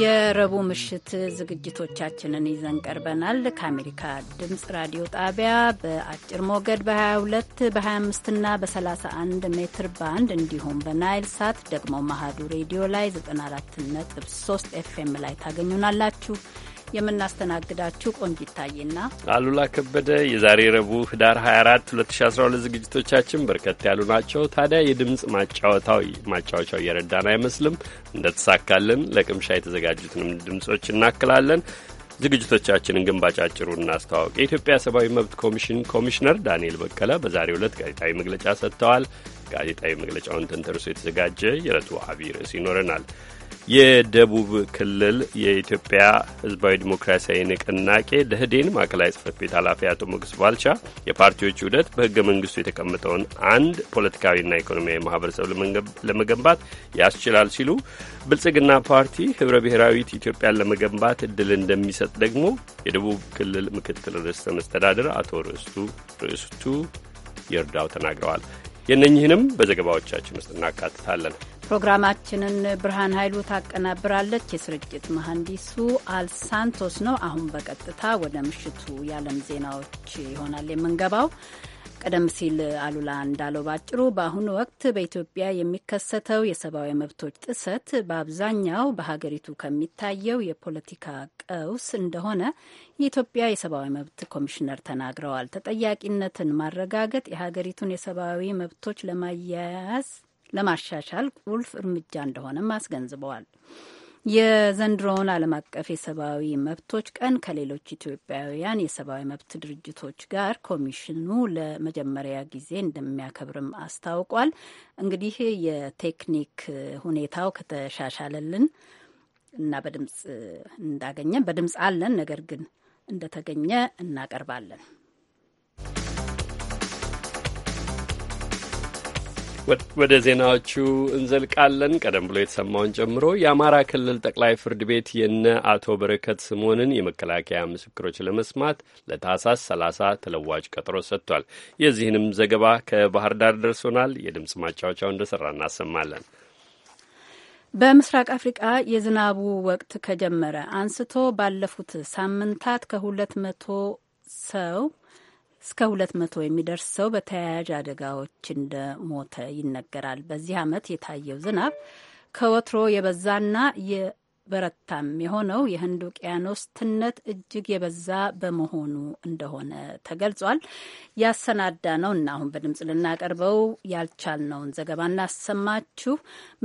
የረቡዕ ምሽት ዝግጅቶቻችንን ይዘን ቀርበናል። ከአሜሪካ ድምፅ ራዲዮ ጣቢያ በአጭር ሞገድ በ22 በ25 እና በ31 ሜትር ባንድ እንዲሁም በናይል ሳት ደግሞ መሀዱ ሬዲዮ ላይ 94.3 ኤፍኤም ላይ ታገኙናላችሁ። የምናስተናግዳችሁ ቆንጅ ይታይና አሉላ ከበደ። የዛሬ ረቡዕ ህዳር 24 2012 ዝግጅቶቻችን በርከት ያሉ ናቸው። ታዲያ የድምፅ ማጫወቻው እየረዳን አይመስልም። እንደተሳካልን ለቅምሻ የተዘጋጁትንም ድምጾች እናክላለን። ዝግጅቶቻችንን ግን ባጫጭሩ እናስተዋወቅ። የኢትዮጵያ ሰብአዊ መብት ኮሚሽን ኮሚሽነር ዳንኤል በቀለ በዛሬ ዕለት ጋዜጣዊ መግለጫ ሰጥተዋል። ጋዜጣዊ መግለጫውን ተንተርሶ የተዘጋጀ የዕለቱ አብይ ርዕስ ይኖረናል። የደቡብ ክልል የኢትዮጵያ ህዝባዊ ዲሞክራሲያዊ ንቅናቄ ደህዴን ማዕከላዊ ጽህፈት ቤት ኃላፊ አቶ ሞገስ ባልቻ የፓርቲዎች ውህደት በህገ መንግስቱ የተቀመጠውን አንድ ፖለቲካዊና ኢኮኖሚያዊ ማህበረሰብ ለመገንባት ያስችላል ሲሉ፣ ብልጽግና ፓርቲ ህብረ ብሔራዊት ኢትዮጵያን ለመገንባት እድል እንደሚሰጥ ደግሞ የደቡብ ክልል ምክትል ርዕሰ መስተዳድር አቶ ርዕስቱ ይርዳው ተናግረዋል። የእነኝህንም በዘገባዎቻችን ውስጥ እናካትታለን። ፕሮግራማችንን ብርሃን ኃይሉ ታቀናብራለች። የስርጭት መሐንዲሱ አልሳንቶስ ነው። አሁን በቀጥታ ወደ ምሽቱ የዓለም ዜናዎች ይሆናል የምንገባው። ቀደም ሲል አሉላ እንዳለው ባጭሩ በአሁኑ ወቅት በኢትዮጵያ የሚከሰተው የሰብአዊ መብቶች ጥሰት በአብዛኛው በሀገሪቱ ከሚታየው የፖለቲካ ቀውስ እንደሆነ የኢትዮጵያ የሰብአዊ መብት ኮሚሽነር ተናግረዋል። ተጠያቂነትን ማረጋገጥ የሀገሪቱን የሰብአዊ መብቶች ለማያያዝ ለማሻሻል ቁልፍ እርምጃ እንደሆነም አስገንዝበዋል። የዘንድሮውን ዓለም አቀፍ የሰብአዊ መብቶች ቀን ከሌሎች ኢትዮጵያውያን የሰብአዊ መብት ድርጅቶች ጋር ኮሚሽኑ ለመጀመሪያ ጊዜ እንደሚያከብርም አስታውቋል። እንግዲህ የቴክኒክ ሁኔታው ከተሻሻለልን እና በድምጽ እንዳገኘን በድምጽ አለን፣ ነገር ግን እንደተገኘ እናቀርባለን። ወደ ዜናዎቹ እንዘልቃለን። ቀደም ብሎ የተሰማውን ጨምሮ የአማራ ክልል ጠቅላይ ፍርድ ቤት የነ አቶ በረከት ስምኦንን የመከላከያ ምስክሮች ለመስማት ለታህሳስ 30 ተለዋጭ ቀጠሮ ሰጥቷል። የዚህንም ዘገባ ከባህር ዳር ደርሶናል። የድምፅ ማጫወቻው እንደሰራ እናሰማለን። በምስራቅ አፍሪቃ የዝናቡ ወቅት ከጀመረ አንስቶ ባለፉት ሳምንታት ከሁለት መቶ ሰው እስከ 200 የሚደርስ ሰው በተያያዥ አደጋዎች እንደሞተ ይነገራል። በዚህ ዓመት የታየው ዝናብ ከወትሮ የበዛና በረታም የሆነው የህንድ ውቅያኖስ ትነት እጅግ የበዛ በመሆኑ እንደሆነ ተገልጿል። ያሰናዳ ነው እና አሁን በድምፅ ልናቀርበው ያልቻልነውን ዘገባ እናሰማችሁ።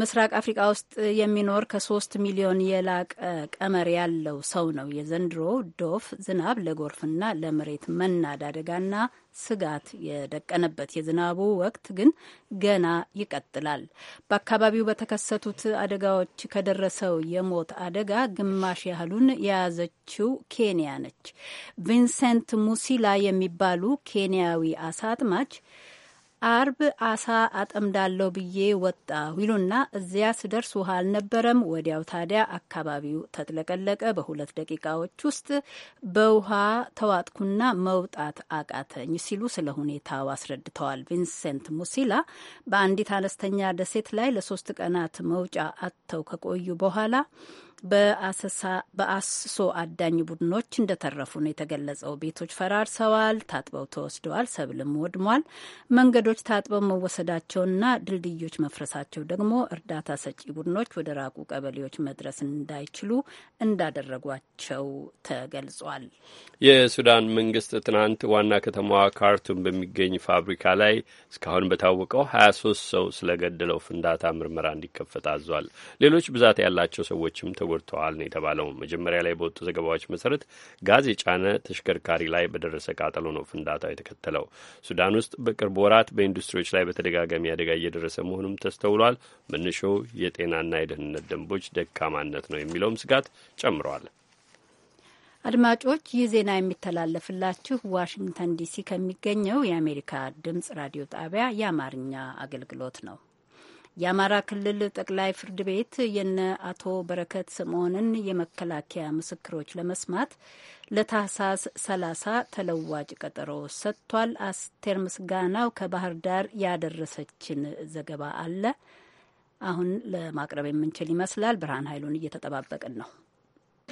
ምስራቅ አፍሪካ ውስጥ የሚኖር ከሶስት ሚሊዮን የላቀ ቀመር ያለው ሰው ነው የዘንድሮ ዶፍ ዝናብ ለጎርፍና ለመሬት መናድ አደጋና ስጋት የደቀነበት የዝናቡ ወቅት ግን ገና ይቀጥላል። በአካባቢው በተከሰቱት አደጋዎች ከደረሰው የሞት አደጋ ግማሽ ያህሉን የያዘችው ኬንያ ነች። ቪንሰንት ሙሲላ የሚባሉ ኬንያዊ አሳ አጥማች አርብ አሳ አጠምዳለሁ ብዬ ወጣሁ ይሉና እዚያ ስደርስ ውሃ አልነበረም። ወዲያው ታዲያ አካባቢው ተጥለቀለቀ። በሁለት ደቂቃዎች ውስጥ በውሃ ተዋጥኩና መውጣት አቃተኝ ሲሉ ስለ ሁኔታው አስረድተዋል። ቪንሰንት ሙሲላ በአንዲት አነስተኛ ደሴት ላይ ለሶስት ቀናት መውጫ አጥተው ከቆዩ በኋላ በአስሶ አዳኝ ቡድኖች እንደተረፉ ነው የተገለጸው። ቤቶች ፈራርሰዋል፣ ታጥበው ተወስደዋል፣ ሰብልም ወድሟል። መንገዶች ታጥበው መወሰዳቸውና ድልድዮች መፍረሳቸው ደግሞ እርዳታ ሰጪ ቡድኖች ወደ ራቁ ቀበሌዎች መድረስ እንዳይችሉ እንዳደረጓቸው ተገልጿል። የሱዳን መንግስት ትናንት ዋና ከተማዋ ካርቱም በሚገኝ ፋብሪካ ላይ እስካሁን በታወቀው 23 ሰው ስለገደለው ፍንዳታ ምርመራ እንዲከፈት አዟል። ሌሎች ብዛት ያላቸው ሰዎችም ተጎ ተጎድተዋል ነው የተባለው። መጀመሪያ ላይ በወጡ ዘገባዎች መሰረት ጋዝ የጫነ ተሽከርካሪ ላይ በደረሰ ቃጠሎ ነው ፍንዳታው የተከተለው። ሱዳን ውስጥ በቅርብ ወራት በኢንዱስትሪዎች ላይ በተደጋጋሚ አደጋ እየደረሰ መሆኑም ተስተውሏል። መነሻው የጤናና የደህንነት ደንቦች ደካማነት ነው የሚለውም ስጋት ጨምረዋል። አድማጮች ይህ ዜና የሚተላለፍላችሁ ዋሽንግተን ዲሲ ከሚገኘው የአሜሪካ ድምጽ ራዲዮ ጣቢያ የአማርኛ አገልግሎት ነው። የአማራ ክልል ጠቅላይ ፍርድ ቤት የነ አቶ በረከት ስምዖንን የመከላከያ ምስክሮች ለመስማት ለታህሳስ 30 ተለዋጭ ቀጠሮ ሰጥቷል። አስቴር ምስጋናው ከባህር ዳር ያደረሰችን ዘገባ አለ። አሁን ለማቅረብ የምንችል ይመስላል። ብርሃን ኃይሉን እየተጠባበቅን ነው።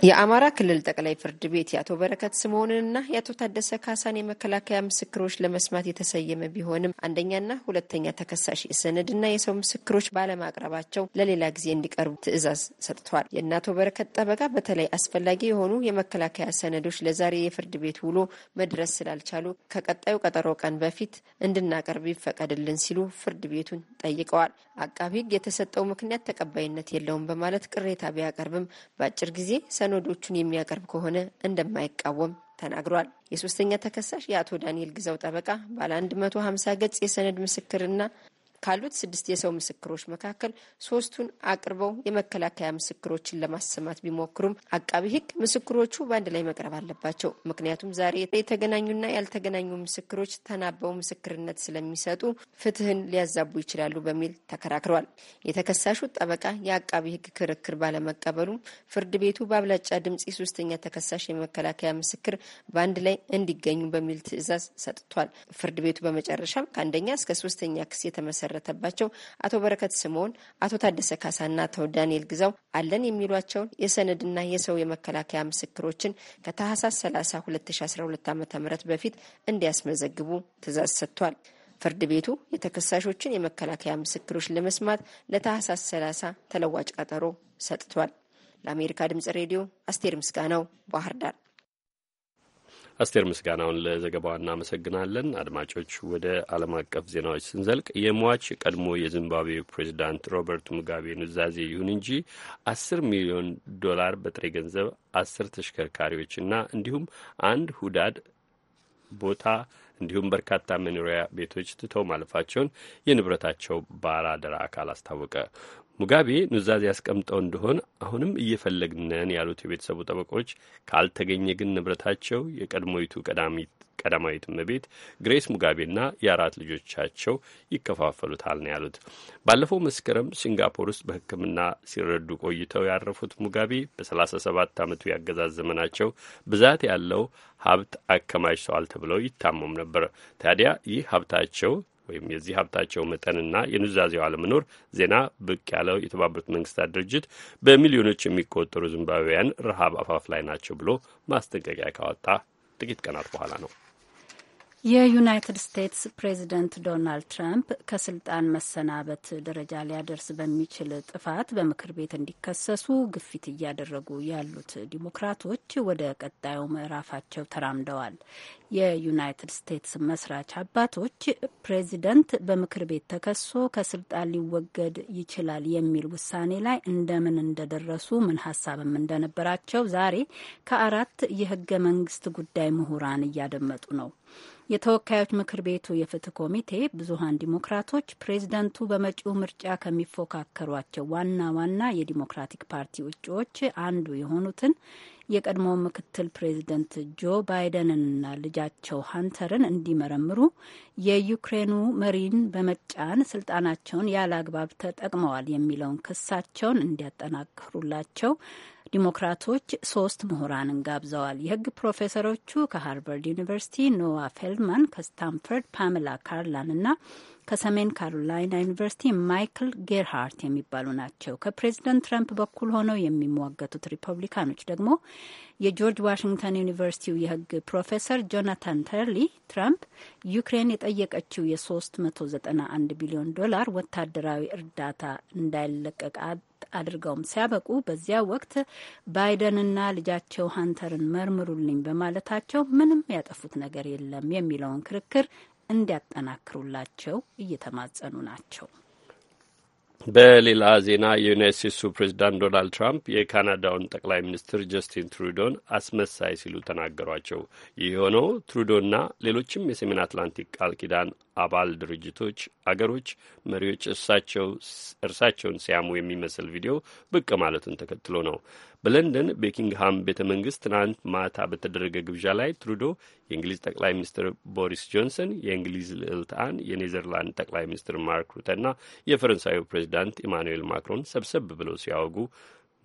የአማራ ክልል ጠቅላይ ፍርድ ቤት የአቶ በረከት ስምኦንንና የአቶ ታደሰ ካሳን የመከላከያ ምስክሮች ለመስማት የተሰየመ ቢሆንም አንደኛና ሁለተኛ ተከሳሽ የሰነድና የሰው ምስክሮች ባለማቅረባቸው ለሌላ ጊዜ እንዲቀርቡ ትዕዛዝ ሰጥቷል። የእነ አቶ በረከት ጠበቃ በተለይ አስፈላጊ የሆኑ የመከላከያ ሰነዶች ለዛሬ የፍርድ ቤት ውሎ መድረስ ስላልቻሉ ከቀጣዩ ቀጠሮ ቀን በፊት እንድናቀርብ ይፈቀድልን ሲሉ ፍርድ ቤቱን ጠይቀዋል። አቃቢ ሕግ የተሰጠው ምክንያት ተቀባይነት የለውም በማለት ቅሬታ ቢያቀርብም በአጭር ጊዜ ሰነዶቹን የሚያቀርብ ከሆነ እንደማይቃወም ተናግሯል። የሶስተኛ ተከሳሽ የአቶ ዳንኤል ግዛው ጠበቃ ባለ 150 ገጽ የሰነድ ምስክርና ካሉት ስድስት የሰው ምስክሮች መካከል ሶስቱን አቅርበው የመከላከያ ምስክሮችን ለማሰማት ቢሞክሩም አቃቢ ሕግ ምስክሮቹ በአንድ ላይ መቅረብ አለባቸው፣ ምክንያቱም ዛሬ የተገናኙና ያልተገናኙ ምስክሮች ተናበው ምስክርነት ስለሚሰጡ ፍትህን ሊያዛቡ ይችላሉ በሚል ተከራክረዋል። የተከሳሹ ጠበቃ የአቃቢ ሕግ ክርክር ባለመቀበሉም ፍርድ ቤቱ በአብላጫ ድምጽ የሶስተኛ ተከሳሽ የመከላከያ ምስክር በአንድ ላይ እንዲገኙ በሚል ትዕዛዝ ሰጥቷል። ፍርድ ቤቱ በመጨረሻም ከአንደኛ እስከ ሶስተኛ ክስ የተመሰረ የተመሰረተባቸው አቶ በረከት ስምዖን፣ አቶ ታደሰ ካሳና አቶ ዳንኤል ግዛው አለን የሚሏቸውን የሰነድና የሰው የመከላከያ ምስክሮችን ከታህሳስ 30 2012 ዓ ም በፊት እንዲያስመዘግቡ ትእዛዝ ሰጥቷል። ፍርድ ቤቱ የተከሳሾችን የመከላከያ ምስክሮች ለመስማት ለታህሳስ 30 ተለዋጭ ቀጠሮ ሰጥቷል። ለአሜሪካ ድምጽ ሬዲዮ አስቴር ምስጋናው ባህር ዳር። አስቴር ምስጋናውን ለዘገባዋ እናመሰግናለን። አድማጮች ወደ ዓለም አቀፍ ዜናዎች ስንዘልቅ የሟች ቀድሞ የዚምባብዌ ፕሬዚዳንት ሮበርት ሙጋቤ ኑዛዜ ይሁን እንጂ አስር ሚሊዮን ዶላር በጥሬ ገንዘብ አስር ተሽከርካሪዎችና እንዲሁም አንድ ሁዳድ ቦታ እንዲሁም በርካታ መኖሪያ ቤቶች ትተው ማለፋቸውን የንብረታቸው ባራደራ አካል አስታወቀ። ሙጋቤ ኑዛዜ ያስቀምጠው እንደሆን አሁንም እየፈለግነን ያሉት የቤተሰቡ ጠበቆች ካልተገኘ ግን ንብረታቸው የቀድሞይቱ ቀዳማዊት እመቤት ግሬስ ሙጋቤና የአራት ልጆቻቸው ይከፋፈሉታል ነው ያሉት። ባለፈው መስከረም ሲንጋፖር ውስጥ በሕክምና ሲረዱ ቆይተው ያረፉት ሙጋቤ በሰላሳ ሰባት ዓመቱ ያገዛዝ ዘመናቸው ብዛት ያለው ሀብት አከማችተዋል ተብለው ይታመሙ ነበር። ታዲያ ይህ ሀብታቸው ወይም የዚህ ሀብታቸው መጠንና የኑዛዜው አለመኖር ዜና ብቅ ያለው የተባበሩት መንግስታት ድርጅት በሚሊዮኖች የሚቆጠሩ ዚምባብዌያን ረሃብ አፋፍ ላይ ናቸው ብሎ ማስጠንቀቂያ ካወጣ ጥቂት ቀናት በኋላ ነው። የዩናይትድ ስቴትስ ፕሬዚደንት ዶናልድ ትራምፕ ከስልጣን መሰናበት ደረጃ ሊያደርስ በሚችል ጥፋት በምክር ቤት እንዲከሰሱ ግፊት እያደረጉ ያሉት ዲሞክራቶች ወደ ቀጣዩ ምዕራፋቸው ተራምደዋል። የዩናይትድ ስቴትስ መስራች አባቶች ፕሬዚደንት በምክር ቤት ተከሶ ከስልጣን ሊወገድ ይችላል የሚል ውሳኔ ላይ እንደምን እንደደረሱ ምን ሀሳብም እንደነበራቸው ዛሬ ከአራት የህገ መንግስት ጉዳይ ምሁራን እያደመጡ ነው። የተወካዮች ምክር ቤቱ የፍትህ ኮሚቴ ብዙሀን ዲሞክራቶች ፕሬዝደንቱ በመጪው ምርጫ ከሚፎካከሯቸው ዋና ዋና የዲሞክራቲክ ፓርቲ እጩዎች አንዱ የሆኑትን የቀድሞ ምክትል ፕሬዚደንት ጆ ባይደንንና ልጃቸው ሀንተርን እንዲመረምሩ የዩክሬኑ መሪን በመጫን ስልጣናቸውን ያለ አግባብ ተጠቅመዋል የሚለውን ክሳቸውን እንዲያጠናክሩላቸው ዲሞክራቶች ሶስት ምሁራንን ጋብዘዋል። የህግ ፕሮፌሰሮቹ ከሃርቨርድ ዩኒቨርሲቲ ኖዋ ፌልድማን፣ ከስታንፈርድ ፓሜላ ካርላን እና ከሰሜን ካሮላይና ዩኒቨርሲቲ ማይክል ጌርሃርት የሚባሉ ናቸው። ከፕሬዚደንት ትራምፕ በኩል ሆነው የሚሟገቱት ሪፐብሊካኖች ደግሞ የጆርጅ ዋሽንግተን ዩኒቨርሲቲው የሕግ ፕሮፌሰር ጆናታን ተርሊ ትራምፕ ዩክሬን የጠየቀችው የ391 ቢሊዮን ዶላር ወታደራዊ እርዳታ እንዳይለቀቅ አድርገውም ሲያበቁ በዚያ ወቅት ባይደንና ልጃቸው ሀንተርን መርምሩልኝ በማለታቸው ምንም ያጠፉት ነገር የለም የሚለውን ክርክር እንዲያጠናክሩላቸው እየተማጸኑ ናቸው። በሌላ ዜና የዩናይት ስቴትሱ ፕሬዚዳንት ዶናልድ ትራምፕ የካናዳውን ጠቅላይ ሚኒስትር ጀስቲን ትሩዶን አስመሳይ ሲሉ ተናገሯቸው። ይህ የሆነው ትሩዶና ሌሎችም የሰሜን አትላንቲክ ቃል ኪዳን አባል ድርጅቶች አገሮች መሪዎች እሳቸው እርሳቸውን ሲያሙ የሚመስል ቪዲዮ ብቅ ማለቱን ተከትሎ ነው። በለንደን ቤኪንግሃም ቤተ መንግስት ትናንት ማታ በተደረገ ግብዣ ላይ ትሩዶ የእንግሊዝ ጠቅላይ ሚኒስትር ቦሪስ ጆንሰን፣ የእንግሊዝ ልዕልት የኔዘርላንድ ጠቅላይ ሚኒስትር ማርክ ሩተና የፈረንሳዩ ፕሬዚዳንት ኢማኑኤል ማክሮን ሰብሰብ ብለው ሲያወጉ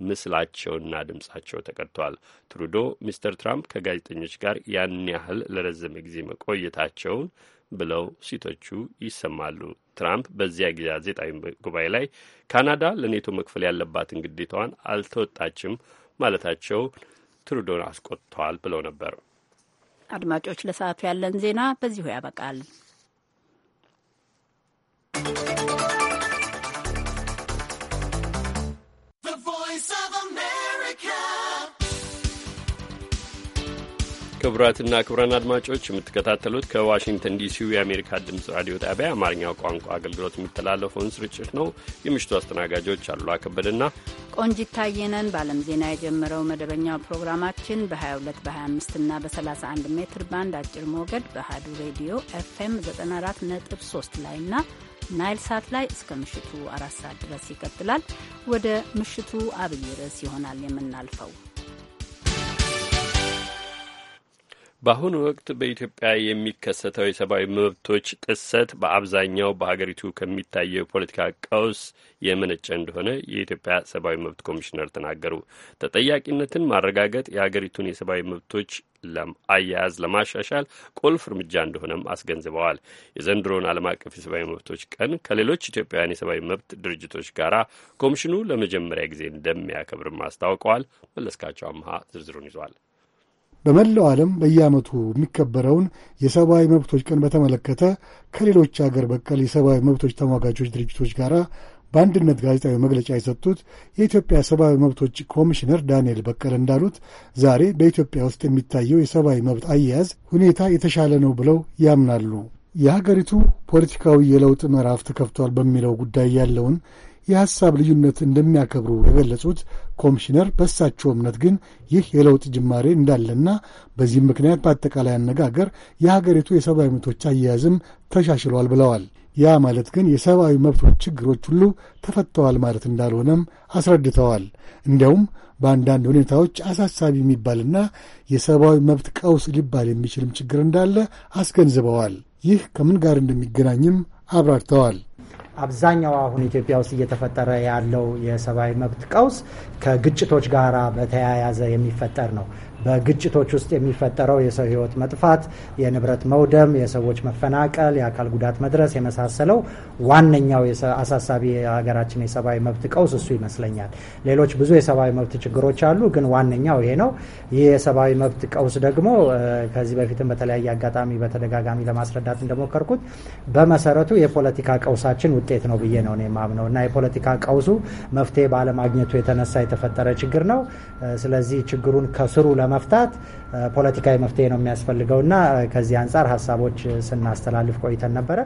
ምስላቸውና ድምጻቸው ተቀድቷል። ትሩዶ ሚስተር ትራምፕ ከጋዜጠኞች ጋር ያን ያህል ለረዘመ ጊዜ መቆየታቸውን ብለው ሲተቹ ይሰማሉ። ትራምፕ በዚያ ጋዜጣዊ ጉባኤ ላይ ካናዳ ለኔቶ መክፈል ያለባትን ግዴታዋን አልተወጣችም ማለታቸው ትሩዶን አስቆጥተዋል ብለው ነበር። አድማጮች፣ ለሰዓቱ ያለን ዜና በዚሁ ያበቃል። ክቡራትና ክቡራን አድማጮች የምትከታተሉት ከዋሽንግተን ዲሲው የአሜሪካ ድምፅ ራዲዮ ጣቢያ አማርኛ ቋንቋ አገልግሎት የሚተላለፈውን ስርጭት ነው። የምሽቱ አስተናጋጆች አሉላ አከበድና ቆንጂት ታየነን። በዓለም ዜና የጀመረው መደበኛው ፕሮግራማችን በ22 በ25ና በ31 ሜትር ባንድ አጭር ሞገድ በአሀዱ ሬዲዮ ኤፍኤም 94.3 ላይና ናይል ሳት ላይ እስከ ምሽቱ አራት ሰዓት ድረስ ይቀጥላል። ወደ ምሽቱ አብይ ርዕስ ይሆናል የምናልፈው በአሁኑ ወቅት በኢትዮጵያ የሚከሰተው የሰብአዊ መብቶች ጥሰት በአብዛኛው በሀገሪቱ ከሚታየው የፖለቲካ ቀውስ የመነጨ እንደሆነ የኢትዮጵያ ሰብአዊ መብት ኮሚሽነር ተናገሩ። ተጠያቂነትን ማረጋገጥ የሀገሪቱን የሰብአዊ መብቶች አያያዝ ለማሻሻል ቁልፍ እርምጃ እንደሆነም አስገንዝበዋል። የዘንድሮውን ዓለም አቀፍ የሰብአዊ መብቶች ቀን ከሌሎች ኢትዮጵያውያን የሰብአዊ መብት ድርጅቶች ጋር ኮሚሽኑ ለመጀመሪያ ጊዜ እንደሚያከብርም አስታውቀዋል። መለስካቸው አምሃ ዝርዝሩን ይዟል። በመላው ዓለም በየዓመቱ የሚከበረውን የሰብአዊ መብቶች ቀን በተመለከተ ከሌሎች አገር በቀል የሰብአዊ መብቶች ተሟጋቾች ድርጅቶች ጋር በአንድነት ጋዜጣዊ መግለጫ የሰጡት የኢትዮጵያ ሰብአዊ መብቶች ኮሚሽነር ዳንኤል በቀለ እንዳሉት ዛሬ በኢትዮጵያ ውስጥ የሚታየው የሰብአዊ መብት አያያዝ ሁኔታ የተሻለ ነው ብለው ያምናሉ። የሀገሪቱ ፖለቲካዊ የለውጥ ምዕራፍ ተከፍቷል በሚለው ጉዳይ ያለውን የሐሳብ ልዩነት እንደሚያከብሩ የገለጹት ኮሚሽነር በእሳቸው እምነት ግን ይህ የለውጥ ጅማሬ እንዳለና በዚህም ምክንያት በአጠቃላይ አነጋገር የሀገሪቱ የሰብአዊ መብቶች አያያዝም ተሻሽሏል ብለዋል። ያ ማለት ግን የሰብአዊ መብቶች ችግሮች ሁሉ ተፈተዋል ማለት እንዳልሆነም አስረድተዋል። እንዲያውም በአንዳንድ ሁኔታዎች አሳሳቢ የሚባልና የሰብአዊ መብት ቀውስ ሊባል የሚችልም ችግር እንዳለ አስገንዝበዋል። ይህ ከምን ጋር እንደሚገናኝም አብራርተዋል። አብዛኛው አሁን ኢትዮጵያ ውስጥ እየተፈጠረ ያለው የሰብአዊ መብት ቀውስ ከግጭቶች ጋር በተያያዘ የሚፈጠር ነው። በግጭቶች ውስጥ የሚፈጠረው የሰው ህይወት መጥፋት፣ የንብረት መውደም፣ የሰዎች መፈናቀል፣ የአካል ጉዳት መድረስ የመሳሰለው ዋነኛው አሳሳቢ የሀገራችን የሰብአዊ መብት ቀውስ እሱ ይመስለኛል። ሌሎች ብዙ የሰብአዊ መብት ችግሮች አሉ፣ ግን ዋነኛው ይሄ ነው። ይህ የሰብአዊ መብት ቀውስ ደግሞ ከዚህ በፊትም በተለያየ አጋጣሚ በተደጋጋሚ ለማስረዳት እንደሞከርኩት በመሰረቱ የፖለቲካ ቀውሳችን ውጤት ነው ብዬ ነው የማምነው እና የፖለቲካ ቀውሱ መፍትሄ ባለማግኘቱ የተነሳ የተፈጠረ ችግር ነው። ስለዚህ ችግሩን ከስሩ ለመፍታት ፖለቲካዊ መፍትሄ ነው የሚያስፈልገውና ከዚህ አንጻር ሀሳቦች ስናስተላልፍ ቆይተን ነበረ።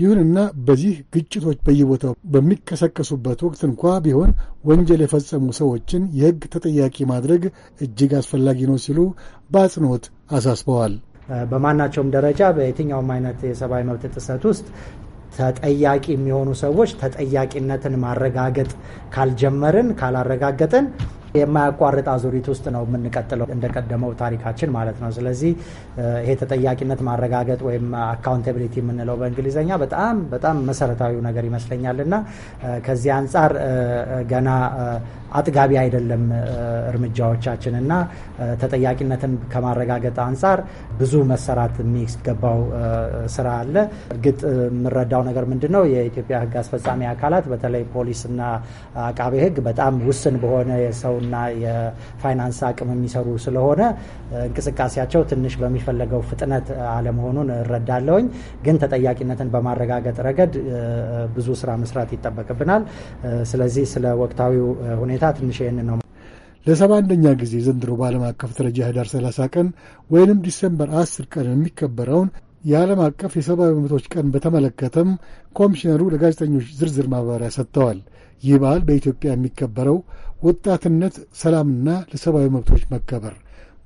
ይሁንና በዚህ ግጭቶች በየቦታው በሚቀሰቀሱበት ወቅት እንኳ ቢሆን ወንጀል የፈጸሙ ሰዎችን የሕግ ተጠያቂ ማድረግ እጅግ አስፈላጊ ነው ሲሉ በአጽንኦት አሳስበዋል። በማናቸውም ደረጃ በየትኛውም አይነት የሰብአዊ መብት ጥሰት ውስጥ ተጠያቂ የሚሆኑ ሰዎች ተጠያቂነትን ማረጋገጥ ካልጀመርን ካላረጋገጥን የማያቋርጥ አዙሪት ውስጥ ነው የምንቀጥለው እንደቀደመው ታሪካችን ማለት ነው። ስለዚህ ይሄ ተጠያቂነት ማረጋገጥ ወይም አካውንታብሊቲ የምንለው በእንግሊዝኛ በጣም በጣም መሰረታዊ ነገር ይመስለኛል እና ከዚህ አንጻር ገና አጥጋቢ አይደለም እርምጃዎቻችን እና ተጠያቂነትን ከማረጋገጥ አንጻር ብዙ መሰራት የሚገባው ስራ አለ። እርግጥ የምረዳው ነገር ምንድን ነው የኢትዮጵያ ሕግ አስፈጻሚ አካላት በተለይ ፖሊስና አቃቤ ሕግ በጣም ውስን በሆነ የሰው እና የፋይናንስ አቅም የሚሰሩ ስለሆነ እንቅስቃሴያቸው ትንሽ በሚፈለገው ፍጥነት አለመሆኑን እረዳለውኝ። ግን ተጠያቂነትን በማረጋገጥ ረገድ ብዙ ስራ መስራት ይጠበቅብናል። ስለዚህ ስለ ወቅታዊው ሁኔታ ትንሽ ይህን ነው። ለሰባ አንደኛ ጊዜ ዘንድሮ በዓለም አቀፍ ደረጃ ህዳር 30 ቀን ወይንም ዲሰምበር 10 ቀን የሚከበረውን የዓለም አቀፍ የሰብአዊ መብቶች ቀን በተመለከተም ኮሚሽነሩ ለጋዜጠኞች ዝርዝር ማብራሪያ ሰጥተዋል። ይህ በዓል በኢትዮጵያ የሚከበረው ወጣትነት ሰላምና ለሰብአዊ መብቶች መከበር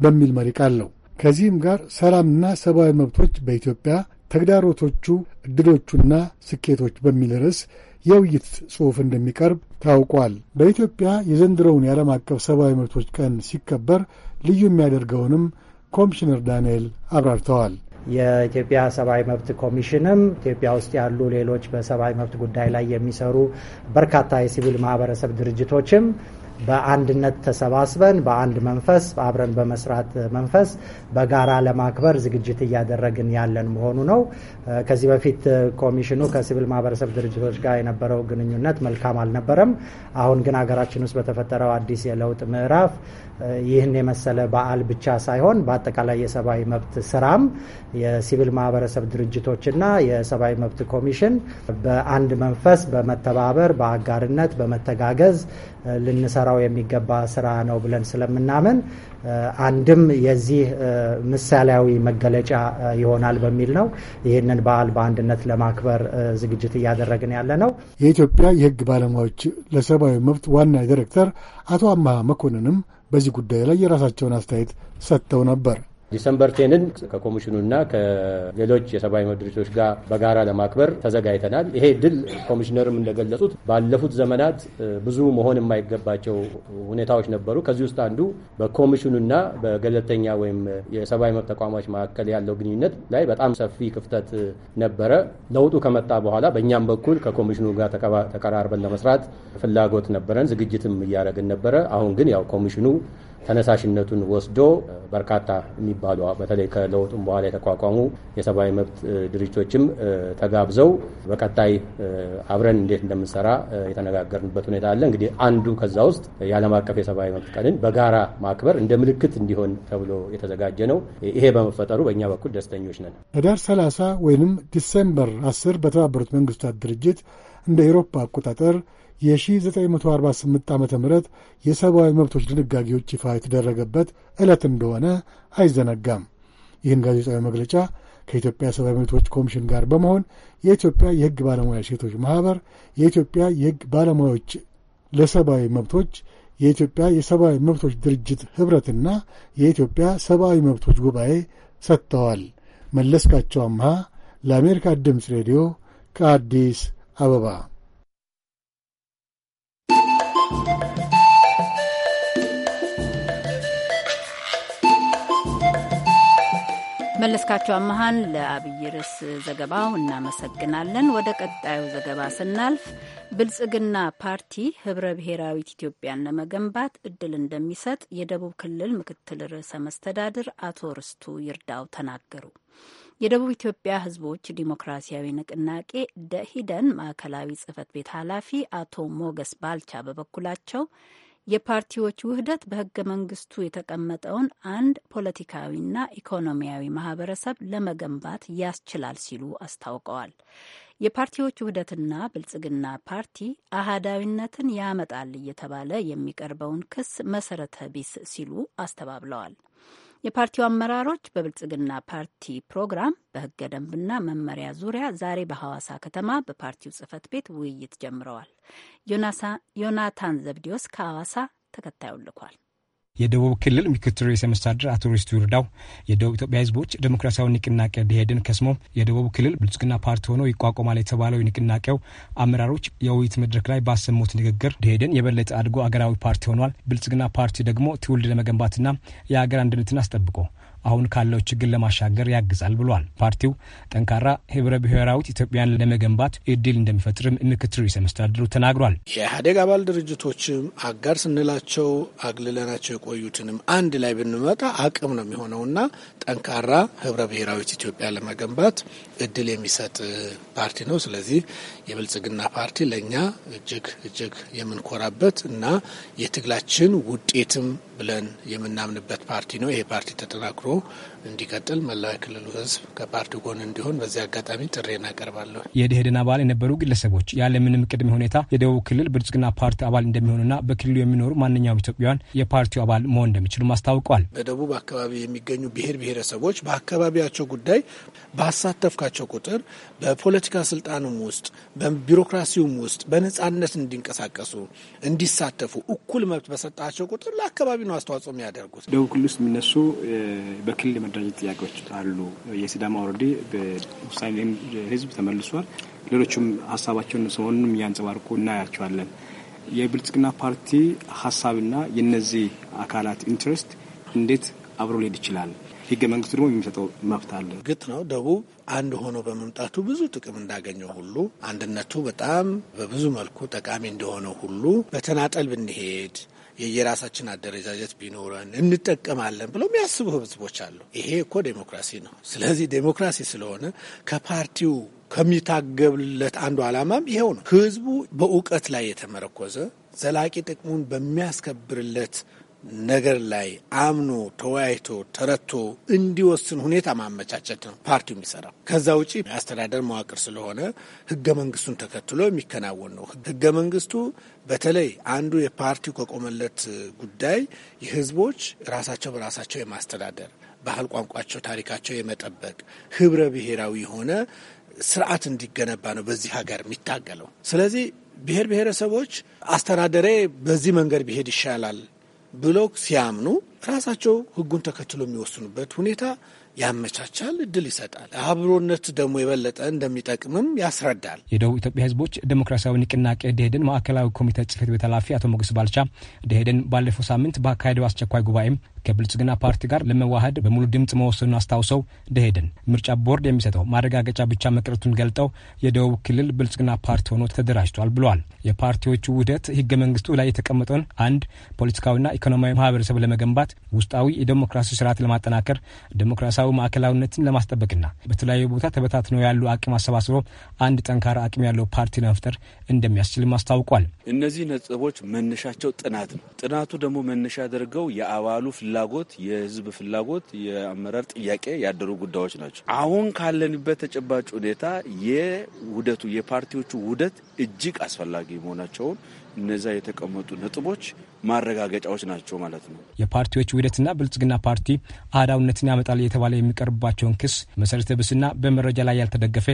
በሚል መሪ ቃል ከዚህም ጋር ሰላምና ሰብአዊ መብቶች በኢትዮጵያ ተግዳሮቶቹ፣ እድሎቹና ስኬቶች በሚል ርዕስ የውይይት ጽሑፍ እንደሚቀርብ ታውቋል። በኢትዮጵያ የዘንድሮውን የዓለም አቀፍ ሰብአዊ መብቶች ቀን ሲከበር ልዩ የሚያደርገውንም ኮሚሽነር ዳንኤል አብራርተዋል። የኢትዮጵያ ሰብአዊ መብት ኮሚሽንም ኢትዮጵያ ውስጥ ያሉ ሌሎች በሰብአዊ መብት ጉዳይ ላይ የሚሰሩ በርካታ የሲቪል ማህበረሰብ ድርጅቶችም በአንድነት ተሰባስበን በአንድ መንፈስ አብረን በመስራት መንፈስ በጋራ ለማክበር ዝግጅት እያደረግን ያለን መሆኑ ነው። ከዚህ በፊት ኮሚሽኑ ከሲቪል ማህበረሰብ ድርጅቶች ጋር የነበረው ግንኙነት መልካም አልነበረም። አሁን ግን ሀገራችን ውስጥ በተፈጠረው አዲስ የለውጥ ምዕራፍ ይህን የመሰለ በዓል ብቻ ሳይሆን በአጠቃላይ የሰብአዊ መብት ስራም የሲቪል ማህበረሰብ ድርጅቶችና የሰብአዊ መብት ኮሚሽን በአንድ መንፈስ በመተባበር በአጋርነት በመተጋገዝ ልንሰራ ልንሰራው የሚገባ ስራ ነው ብለን ስለምናምን አንድም የዚህ ምሳሌያዊ መገለጫ ይሆናል በሚል ነው ይህንን በዓል በአንድነት ለማክበር ዝግጅት እያደረግን ያለ ነው። የኢትዮጵያ የሕግ ባለሙያዎች ለሰብአዊ መብት ዋና ዲሬክተር አቶ አመሃ መኮንንም በዚህ ጉዳይ ላይ የራሳቸውን አስተያየት ሰጥተው ነበር። ዲሰምበር ቴንን ከኮሚሽኑና ከሌሎች የሰብአዊ መብት ድርጅቶች ጋር በጋራ ለማክበር ተዘጋጅተናል። ይሄ ድል ኮሚሽነርም እንደገለጹት ባለፉት ዘመናት ብዙ መሆን የማይገባቸው ሁኔታዎች ነበሩ። ከዚህ ውስጥ አንዱ በኮሚሽኑና በገለልተኛ ወይም የሰብአዊ መብት ተቋማት መካከል ያለው ግንኙነት ላይ በጣም ሰፊ ክፍተት ነበረ። ለውጡ ከመጣ በኋላ በእኛም በኩል ከኮሚሽኑ ጋር ተቀራርበን ለመስራት ፍላጎት ነበረን፣ ዝግጅትም እያደረግን ነበረ። አሁን ግን ያው ኮሚሽኑ ተነሳሽነቱን ወስዶ በርካታ የሚባሉ በተለይ ከለውጡም በኋላ የተቋቋሙ የሰብአዊ መብት ድርጅቶችም ተጋብዘው በቀጣይ አብረን እንዴት እንደምንሰራ የተነጋገርንበት ሁኔታ አለ። እንግዲህ አንዱ ከዛ ውስጥ የዓለም አቀፍ የሰብአዊ መብት ቀንን በጋራ ማክበር እንደ ምልክት እንዲሆን ተብሎ የተዘጋጀ ነው። ይሄ በመፈጠሩ በእኛ በኩል ደስተኞች ነን። ህዳር 30 ወይም ዲሴምበር 10 በተባበሩት መንግስታት ድርጅት እንደ ኤሮፓ አቆጣጠር የ1948 ዓ ም የሰብአዊ መብቶች ድንጋጌዎች ይፋ የተደረገበት ዕለት እንደሆነ አይዘነጋም። ይህን ጋዜጣዊ መግለጫ ከኢትዮጵያ ሰብአዊ መብቶች ኮሚሽን ጋር በመሆን የኢትዮጵያ የሕግ ባለሙያ ሴቶች ማኅበር፣ የኢትዮጵያ የሕግ ባለሙያዎች ለሰብአዊ መብቶች፣ የኢትዮጵያ የሰብአዊ መብቶች ድርጅት ኅብረትና የኢትዮጵያ ሰብአዊ መብቶች ጉባኤ ሰጥተዋል። መለስካቸው አምሃ ለአሜሪካ ድምፅ ሬዲዮ ከአዲስ አበባ መለስካቸው አመሃን ለአብይ ርዕስ ዘገባው እናመሰግናለን። ወደ ቀጣዩ ዘገባ ስናልፍ ብልጽግና ፓርቲ ህብረ ብሔራዊት ኢትዮጵያን ለመገንባት እድል እንደሚሰጥ የደቡብ ክልል ምክትል ርዕሰ መስተዳድር አቶ ርስቱ ይርዳው ተናገሩ። የደቡብ ኢትዮጵያ ህዝቦች ዲሞክራሲያዊ ንቅናቄ ደሂደን ማዕከላዊ ጽህፈት ቤት ኃላፊ አቶ ሞገስ ባልቻ በበኩላቸው የፓርቲዎች ውህደት በህገ መንግስቱ የተቀመጠውን አንድ ፖለቲካዊና ኢኮኖሚያዊ ማህበረሰብ ለመገንባት ያስችላል ሲሉ አስታውቀዋል። የፓርቲዎች ውህደትና ብልጽግና ፓርቲ አህዳዊነትን ያመጣል እየተባለ የሚቀርበውን ክስ መሰረተ ቢስ ሲሉ አስተባብለዋል። የፓርቲው አመራሮች በብልጽግና ፓርቲ ፕሮግራም በህገ ደንብና መመሪያ ዙሪያ ዛሬ በሐዋሳ ከተማ በፓርቲው ጽህፈት ቤት ውይይት ጀምረዋል። ዮናታን ዘብዲዮስ ከሐዋሳ ተከታዩን ልኳል። የደቡብ ክልል ምክትል ርዕሰ መስተዳድር አቶ ሪስቱ ይርዳው የደቡብ ኢትዮጵያ ህዝቦች ዴሞክራሲያዊ ንቅናቄ ደኢህዴን ከስሞ የደቡብ ክልል ብልጽግና ፓርቲ ሆኖ ይቋቋማል የተባለው ንቅናቄው አመራሮች የውይይት መድረክ ላይ ባሰሙት ንግግር ደኢህዴን የበለጠ አድጎ አገራዊ ፓርቲ ሆኗል፣ ብልጽግና ፓርቲ ደግሞ ትውልድ ለመገንባትና የአገር አንድነትን አስጠብቆ አሁን ካለው ችግር ለማሻገር ያግዛል ብሏል። ፓርቲው ጠንካራ ህብረ ብሔራዊት ኢትዮጵያን ለመገንባት እድል እንደሚፈጥርም ምክትል ርዕሰ መስተዳድሩ ተናግሯል። የኢህአዴግ አባል ድርጅቶችም አጋር ስንላቸው አግልለናቸው የቆዩትንም አንድ ላይ ብንመጣ አቅም ነው የሚሆነውና ጠንካራ ህብረ ብሔራዊት ኢትዮጵያ ለመገንባት እድል የሚሰጥ ፓርቲ ነው። ስለዚህ የብልጽግና ፓርቲ ለእኛ እጅግ እጅግ የምንኮራበት እና የትግላችን ውጤትም ብለን የምናምንበት ፓርቲ ነው። ይሄ ፓርቲ ተጠናክሮ እንዲቀጥል መላው የክልሉ ህዝብ ከፓርቲው ጎን እንዲሆን በዚህ አጋጣሚ ጥሪ እናቀርባለሁ። የደኢህዴን አባል የነበሩ ግለሰቦች ያለምንም ቅድመ ሁኔታ የደቡብ ክልል ብልጽግና ፓርቲ አባል እንደሚሆኑና በክልሉ የሚኖሩ ማንኛውም ኢትዮጵያውያን የፓርቲው አባል መሆን እንደሚችሉም አስታውቋል። በደቡብ አካባቢ የሚገኙ ብሔር ብሔረሰቦች በአካባቢያቸው ጉዳይ ባሳተፍካቸው ቁጥር በፖለቲካ ስልጣንም ውስጥ በቢሮክራሲውም ውስጥ በነጻነት እንዲንቀሳቀሱ እንዲሳተፉ እኩል መብት በሰጣቸው ቁጥር ለአካባቢ ነው አስተዋጽኦ የሚያደርጉት። ደቡብ ክልል ውስጥ የሚነሱ በክልል የማደራጀት ጥያቄዎች አሉ። የሲዳማ ወረዳ በውሳኔም ህዝብ ተመልሷል። ሌሎችም ሀሳባቸውን ሰሞኑንም እያንጸባርቁ እናያቸዋለን። የብልጽግና ፓርቲ ሀሳብና የነዚህ አካላት ኢንትረስት እንዴት አብሮ ሊሄድ ይችላል? ህገ መንግስቱ ደግሞ የሚሰጠው መብት አለ። ግጥ ነው ደቡብ አንድ ሆኖ በመምጣቱ ብዙ ጥቅም እንዳገኘው ሁሉ አንድነቱ በጣም በብዙ መልኩ ጠቃሚ እንደሆነ ሁሉ በተናጠል ብንሄድ የየራሳችን አደረጃጀት ቢኖረን እንጠቀማለን ብለው የሚያስቡ ህዝቦች አሉ። ይሄ እኮ ዴሞክራሲ ነው። ስለዚህ ዴሞክራሲ ስለሆነ ከፓርቲው ከሚታገብለት አንዱ ዓላማም ይኸው ነው። ህዝቡ በእውቀት ላይ የተመረኮዘ ዘላቂ ጥቅሙን በሚያስከብርለት ነገር ላይ አምኖ ተወያይቶ ተረቶ እንዲወስን ሁኔታ ማመቻቸት ነው ፓርቲው የሚሰራው። ከዛ ውጪ የአስተዳደር መዋቅር ስለሆነ ህገ መንግስቱን ተከትሎ የሚከናወን ነው። ህገ መንግስቱ በተለይ አንዱ የፓርቲው ከቆመለት ጉዳይ የህዝቦች ራሳቸው በራሳቸው የማስተዳደር ባህል፣ ቋንቋቸው፣ ታሪካቸው የመጠበቅ ህብረ ብሔራዊ የሆነ ስርዓት እንዲገነባ ነው በዚህ ሀገር የሚታገለው። ስለዚህ ብሔር ብሔረሰቦች አስተዳደሬ በዚህ መንገድ ቢሄድ ይሻላል ብለው ሲያምኑ ራሳቸው ህጉን ተከትሎ የሚወስኑበት ሁኔታ ያመቻቻል፣ እድል ይሰጣል። አብሮነት ደግሞ የበለጠ እንደሚጠቅምም ያስረዳል። የደቡብ ኢትዮጵያ ህዝቦች ዴሞክራሲያዊ ንቅናቄ ደኢህዴን ማዕከላዊ ኮሚቴ ጽህፈት ቤት ኃላፊ አቶ ሞገስ ባልቻ ደኢህዴን ባለፈው ሳምንት በአካሄደው አስቸኳይ ጉባኤም ከብልጽግና ፓርቲ ጋር ለመዋሃድ በሙሉ ድምፅ መወሰኑን አስታውሰው ደሄደን ምርጫ ቦርድ የሚሰጠው ማረጋገጫ ብቻ መቅረቱን ገልጠው የደቡብ ክልል ብልጽግና ፓርቲ ሆኖ ተደራጅቷል ብሏል። የፓርቲዎቹ ውህደት ህገ መንግስቱ ላይ የተቀመጠውን አንድ ፖለቲካዊና ኢኮኖሚያዊ ማህበረሰብ ለመገንባት ውስጣዊ የዴሞክራሲ ስርዓት ለማጠናከር ዴሞክራሲያዊ ማዕከላዊነትን ለማስጠበቅና በተለያዩ ቦታ ተበታትነው ያሉ አቅም አሰባስቦ አንድ ጠንካራ አቅም ያለው ፓርቲ ለመፍጠር እንደሚያስችልም አስታውቋል። እነዚህ ነጥቦች መነሻቸው ጥናት ነው። ጥናቱ ደግሞ መነሻ ያደርገው የአባሉ ፍላ ፍላጎት፣ የህዝብ ፍላጎት፣ የአመራር ጥያቄ ያደሩ ጉዳዮች ናቸው። አሁን ካለንበት ተጨባጭ ሁኔታ የውህደቱ የፓርቲዎቹ ውህደት እጅግ አስፈላጊ መሆናቸውን እነዚያ የተቀመጡ ነጥቦች ማረጋገጫዎች ናቸው ማለት ነው። የፓርቲዎች ውህደትና ብልጽግና ፓርቲ አህዳዊነትን ያመጣል የተባለ የሚቀርብባቸውን ክስ መሰረተ ብስና በመረጃ ላይ ያልተደገፈ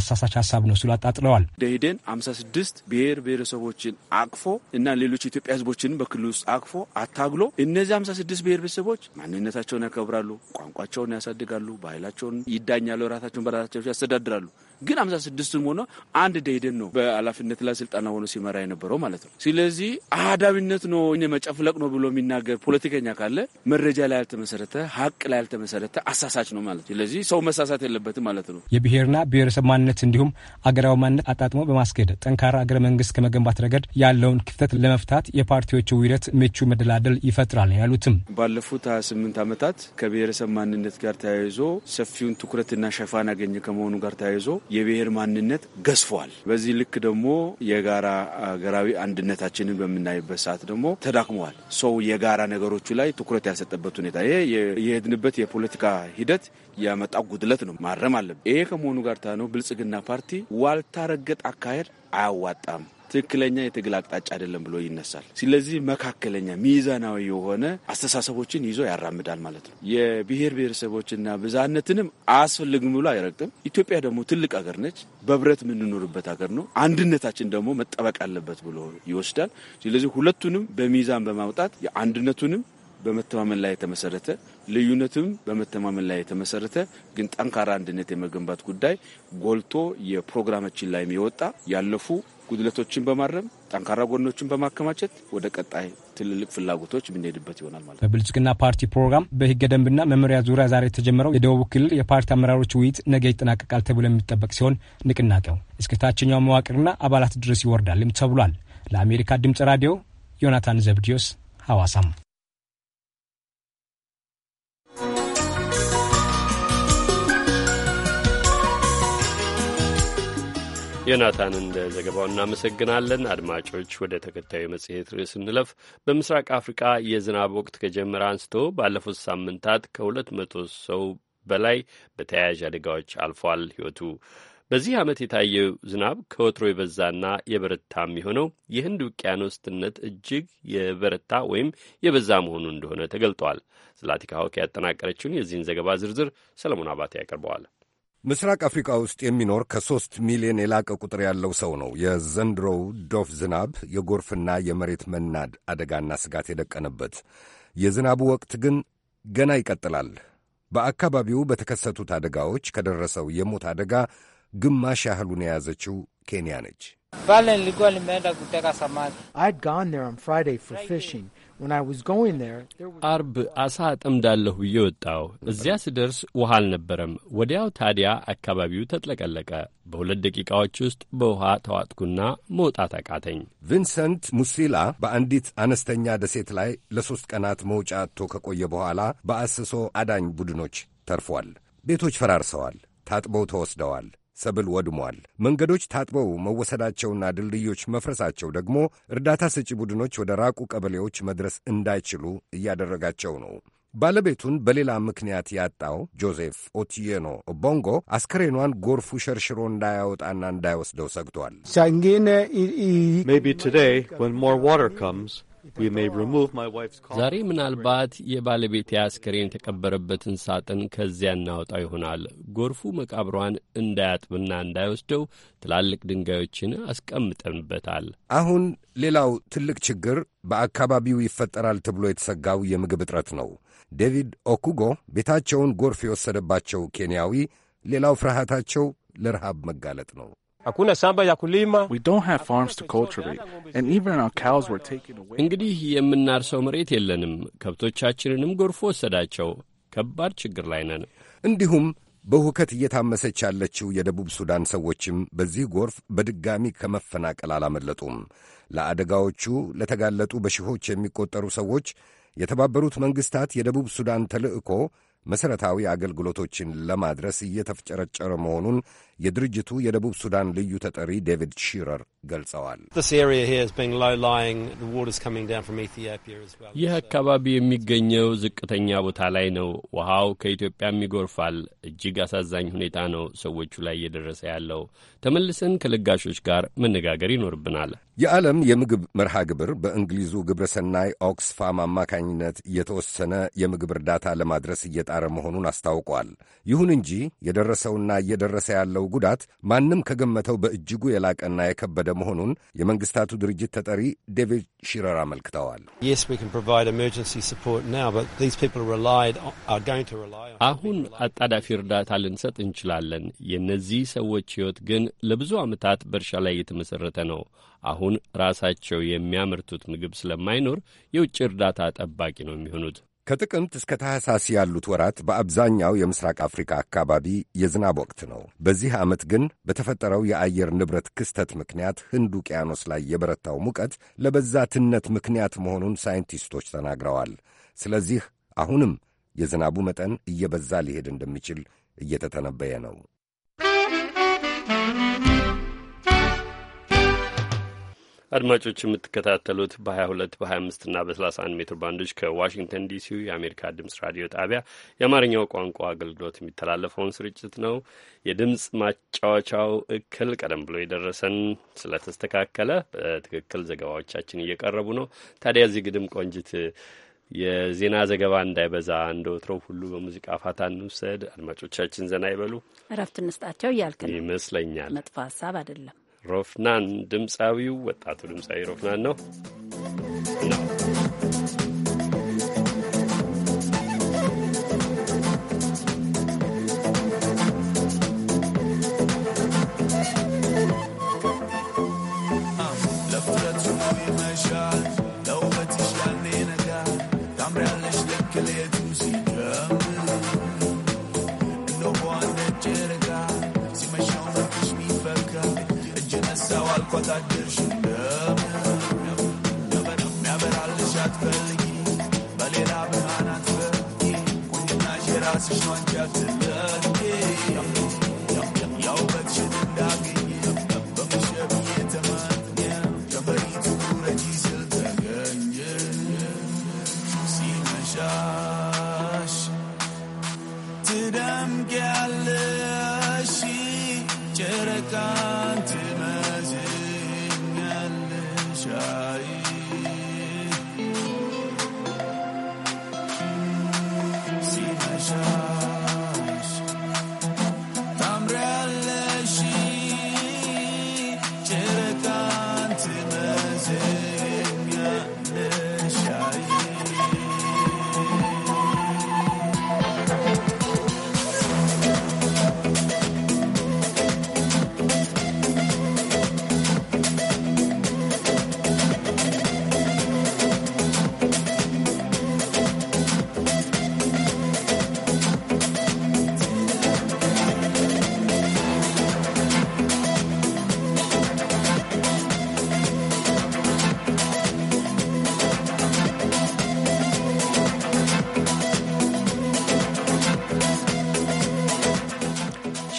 አሳሳች ሀሳብ ነው ሲሉ አጣጥለዋል። ደኢህዴን 56 ብሔር ብሔረሰቦችን አቅፎ እና ሌሎች ኢትዮጵያ ህዝቦችን በክልል ውስጥ አቅፎ አታግሎ እነዚህ 56 ብሔር ብሔረሰቦች ማንነታቸውን ያከብራሉ፣ ቋንቋቸውን ያሳድጋሉ፣ ባህላቸውን ይዳኛሉ፣ ራሳቸውን በራሳቸው ያስተዳድራሉ ግን አምሳ ስድስቱም ሆኖ አንድ ደሄደን ነው በኃላፊነት ላይ ስልጣና ሆኖ ሲመራ የነበረው ማለት ነው። ስለዚህ አህዳዊነት ነው መጨፍለቅ ነው ብሎ የሚናገር ፖለቲከኛ ካለ መረጃ ላይ ያልተመሰረተ ሀቅ ላይ ያልተመሰረተ አሳሳች ነው ማለት። ስለዚህ ሰው መሳሳት የለበትም ማለት ነው። የብሔርና ብሔረሰብ ማንነት እንዲሁም አገራዊ ማንነት አጣጥሞ በማስኬድ ጠንካራ አገረ መንግስት ከመገንባት ረገድ ያለውን ክፍተት ለመፍታት የፓርቲዎቹ ውህደት ምቹ መደላደል ይፈጥራል ያሉትም ባለፉት 28 ዓመታት ከብሔረሰብ ማንነት ጋር ተያይዞ ሰፊውን ትኩረትና ሸፋን ያገኘ ከመሆኑ ጋር ተያይዞ የብሔር ማንነት ገዝፏል። በዚህ ልክ ደግሞ የጋራ አገራዊ አንድነታችንን በምናይበት ሰዓት ደግሞ ተዳክመዋል። ሰው የጋራ ነገሮቹ ላይ ትኩረት ያልሰጠበት ሁኔታ ይሄ የሄድንበት የፖለቲካ ሂደት ያመጣ ጉድለት ነው፣ ማረም አለብን። ይሄ ከመሆኑ ጋር ታነው ብልጽግና ፓርቲ ዋልታ ረገጥ አካሄድ አያዋጣም ትክክለኛ የትግል አቅጣጫ አይደለም ብሎ ይነሳል። ስለዚህ መካከለኛ ሚዛናዊ የሆነ አስተሳሰቦችን ይዞ ያራምዳል ማለት ነው። የብሔር ብሔረሰቦችና ብዝሃነትንም አያስፈልግም ብሎ አይረግጥም። ኢትዮጵያ ደግሞ ትልቅ ሀገር ነች። በብረት የምንኖርበት ሀገር ነው። አንድነታችን ደግሞ መጠበቅ አለበት ብሎ ይወስዳል። ስለዚህ ሁለቱንም በሚዛን በማውጣት የአንድነቱንም በመተማመን ላይ የተመሰረተ ልዩነትም በመተማመን ላይ የተመሰረተ ግን ጠንካራ አንድነት የመገንባት ጉዳይ ጎልቶ የፕሮግራማችን ላይም የወጣ ያለፉ ጉድለቶችን በማረም ጠንካራ ጎኖችን በማከማቸት ወደ ቀጣይ ትልልቅ ፍላጎቶች የምንሄድበት ይሆናል ማለት ነው። በብልጽግና ፓርቲ ፕሮግራም በህገ ደንብና መመሪያ ዙሪያ ዛሬ የተጀመረው የደቡብ ክልል የፓርቲ አመራሮች ውይይት ነገ ይጠናቀቃል ተብሎ የሚጠበቅ ሲሆን ንቅናቄው እስከ ታችኛው መዋቅርና አባላት ድረስ ይወርዳልም ተብሏል። ለአሜሪካ ድምጽ ራዲዮ ዮናታን ዘብዲዮስ ሐዋሳም ዮናታን እንደ ዘገባው እናመሰግናለን። አድማጮች ወደ ተከታዩ መጽሔት ርዕስ እንለፍ። በምስራቅ አፍሪቃ የዝናብ ወቅት ከጀመረ አንስቶ ባለፉት ሳምንታት ከሁለት መቶ ሰው በላይ በተያያዥ አደጋዎች አልፏል ሕይወቱ። በዚህ ዓመት የታየው ዝናብ ከወትሮ የበዛና የበረታ የሚሆነው የህንድ ውቅያኖስ ትነት እጅግ የበረታ ወይም የበዛ መሆኑ እንደሆነ ተገልጧል። ዝላቲካ ሆክ ያጠናቀረችውን የዚህን ዘገባ ዝርዝር ሰለሞን አባቴ ያቀርበዋል። ምስራቅ አፍሪካ ውስጥ የሚኖር ከሦስት ሚሊዮን የላቀ ቁጥር ያለው ሰው ነው የዘንድሮው ዶፍ ዝናብ የጎርፍና የመሬት መናድ አደጋና ስጋት የደቀነበት። የዝናቡ ወቅት ግን ገና ይቀጥላል። በአካባቢው በተከሰቱት አደጋዎች ከደረሰው የሞት አደጋ ግማሽ ያህሉን የያዘችው ኬንያ ነች። አርብ አሳ አጠምዳለሁ ብዬ ወጣሁ። እዚያ ስደርስ ውሃ አልነበረም። ወዲያው ታዲያ አካባቢው ተጥለቀለቀ። በሁለት ደቂቃዎች ውስጥ በውሃ ተዋጥኩና መውጣት አቃተኝ። ቪንሰንት ሙሲላ በአንዲት አነስተኛ ደሴት ላይ ለሦስት ቀናት መውጫ አጥቶ ከቆየ በኋላ በአስሶ አዳኝ ቡድኖች ተርፏል። ቤቶች ፈራርሰዋል፣ ታጥበው ተወስደዋል። ሰብል ወድሟል። መንገዶች ታጥበው መወሰዳቸውና ድልድዮች መፍረሳቸው ደግሞ እርዳታ ሰጪ ቡድኖች ወደ ራቁ ቀበሌዎች መድረስ እንዳይችሉ እያደረጋቸው ነው። ባለቤቱን በሌላ ምክንያት ያጣው ጆዜፍ ኦቲየኖ ቦንጎ አስከሬኗን ጎርፉ ሸርሽሮ እንዳያወጣና እንዳይወስደው ሰግቷል። ዛሬ ምናልባት የባለቤቴ አስከሬን የተቀበረበትን ሳጥን ከዚያ እናወጣ ይሆናል። ጎርፉ መቃብሯን እንዳያጥብና እንዳይወስደው ትላልቅ ድንጋዮችን አስቀምጠንበታል። አሁን ሌላው ትልቅ ችግር በአካባቢው ይፈጠራል ተብሎ የተሰጋው የምግብ እጥረት ነው። ዴቪድ ኦኩጎ ቤታቸውን ጎርፍ የወሰደባቸው ኬንያዊ ሌላው ፍርሃታቸው ለረሃብ መጋለጥ ነው። hakuna shamba ya kulima. We don't have farms to cultivate and even our cows were taken away. እንግዲህ የምናርሰው መሬት የለንም፣ ከብቶቻችንንም ጎርፎ ወሰዳቸው። ከባድ ችግር ላይ ነን። እንዲሁም በሁከት እየታመሰች ያለችው የደቡብ ሱዳን ሰዎችም በዚህ ጎርፍ በድጋሚ ከመፈናቀል አላመለጡም። ለአደጋዎቹ ለተጋለጡ በሺዎች የሚቆጠሩ ሰዎች የተባበሩት መንግሥታት የደቡብ ሱዳን ተልዕኮ መሠረታዊ አገልግሎቶችን ለማድረስ እየተፍጨረጨረ መሆኑን የድርጅቱ የደቡብ ሱዳን ልዩ ተጠሪ ዴቪድ ሺረር ገልጸዋል። ይህ አካባቢ የሚገኘው ዝቅተኛ ቦታ ላይ ነው። ውሃው ከኢትዮጵያም ይጎርፋል። እጅግ አሳዛኝ ሁኔታ ነው ሰዎቹ ላይ እየደረሰ ያለው። ተመልሰን ከለጋሾች ጋር መነጋገር ይኖርብናል። የዓለም የምግብ መርሃ ግብር በእንግሊዙ ግብረሰናይ ኦክስፋም አማካኝነት የተወሰነ የምግብ እርዳታ ለማድረስ እየጣረ መሆኑን አስታውቋል። ይሁን እንጂ የደረሰውና እየደረሰ ያለው ጉዳት ማንም ከገመተው በእጅጉ የላቀና የከበደ መሆኑን የመንግስታቱ ድርጅት ተጠሪ ዴቪድ ሺረር አመልክተዋል። አሁን አጣዳፊ እርዳታ ልንሰጥ እንችላለን። የእነዚህ ሰዎች ሕይወት ግን ለብዙ ዓመታት በእርሻ ላይ የተመሠረተ ነው። አሁን ራሳቸው የሚያመርቱት ምግብ ስለማይኖር የውጭ እርዳታ ጠባቂ ነው የሚሆኑት። ከጥቅምት እስከ ታህሳስ ያሉት ወራት በአብዛኛው የምስራቅ አፍሪካ አካባቢ የዝናብ ወቅት ነው። በዚህ ዓመት ግን በተፈጠረው የአየር ንብረት ክስተት ምክንያት ህንድ ውቅያኖስ ላይ የበረታው ሙቀት ለበዛትነት ምክንያት መሆኑን ሳይንቲስቶች ተናግረዋል። ስለዚህ አሁንም የዝናቡ መጠን እየበዛ ሊሄድ እንደሚችል እየተተነበየ ነው። አድማጮች የምትከታተሉት በ22 በ25 እና በ31 ሜትር ባንዶች ከዋሽንግተን ዲሲ የአሜሪካ ድምፅ ራዲዮ ጣቢያ የአማርኛው ቋንቋ አገልግሎት የሚተላለፈውን ስርጭት ነው። የድምፅ ማጫወቻው እክል ቀደም ብሎ የደረሰን ስለተስተካከለ በትክክል ዘገባዎቻችን እየቀረቡ ነው። ታዲያ እዚህ ግድም ቆንጅት የዜና ዘገባ እንዳይበዛ እንደ ወትሮው ሁሉ በሙዚቃ ፋታ እንውሰድ። አድማጮቻችን ዘና ይበሉ፣ እረፍት እንስጣቸው እያልክ ይመስለኛል። መጥፎ ሀሳብ አይደለም። ሮፍናን ድምፃዊው ወጣቱ ድምፃዊ ሮፍናን ነው ነው Cause I did shoot up Never, never, I'll shut for the key But it happened, I'm not 50 When you're not sure, I'll see you on just a lucky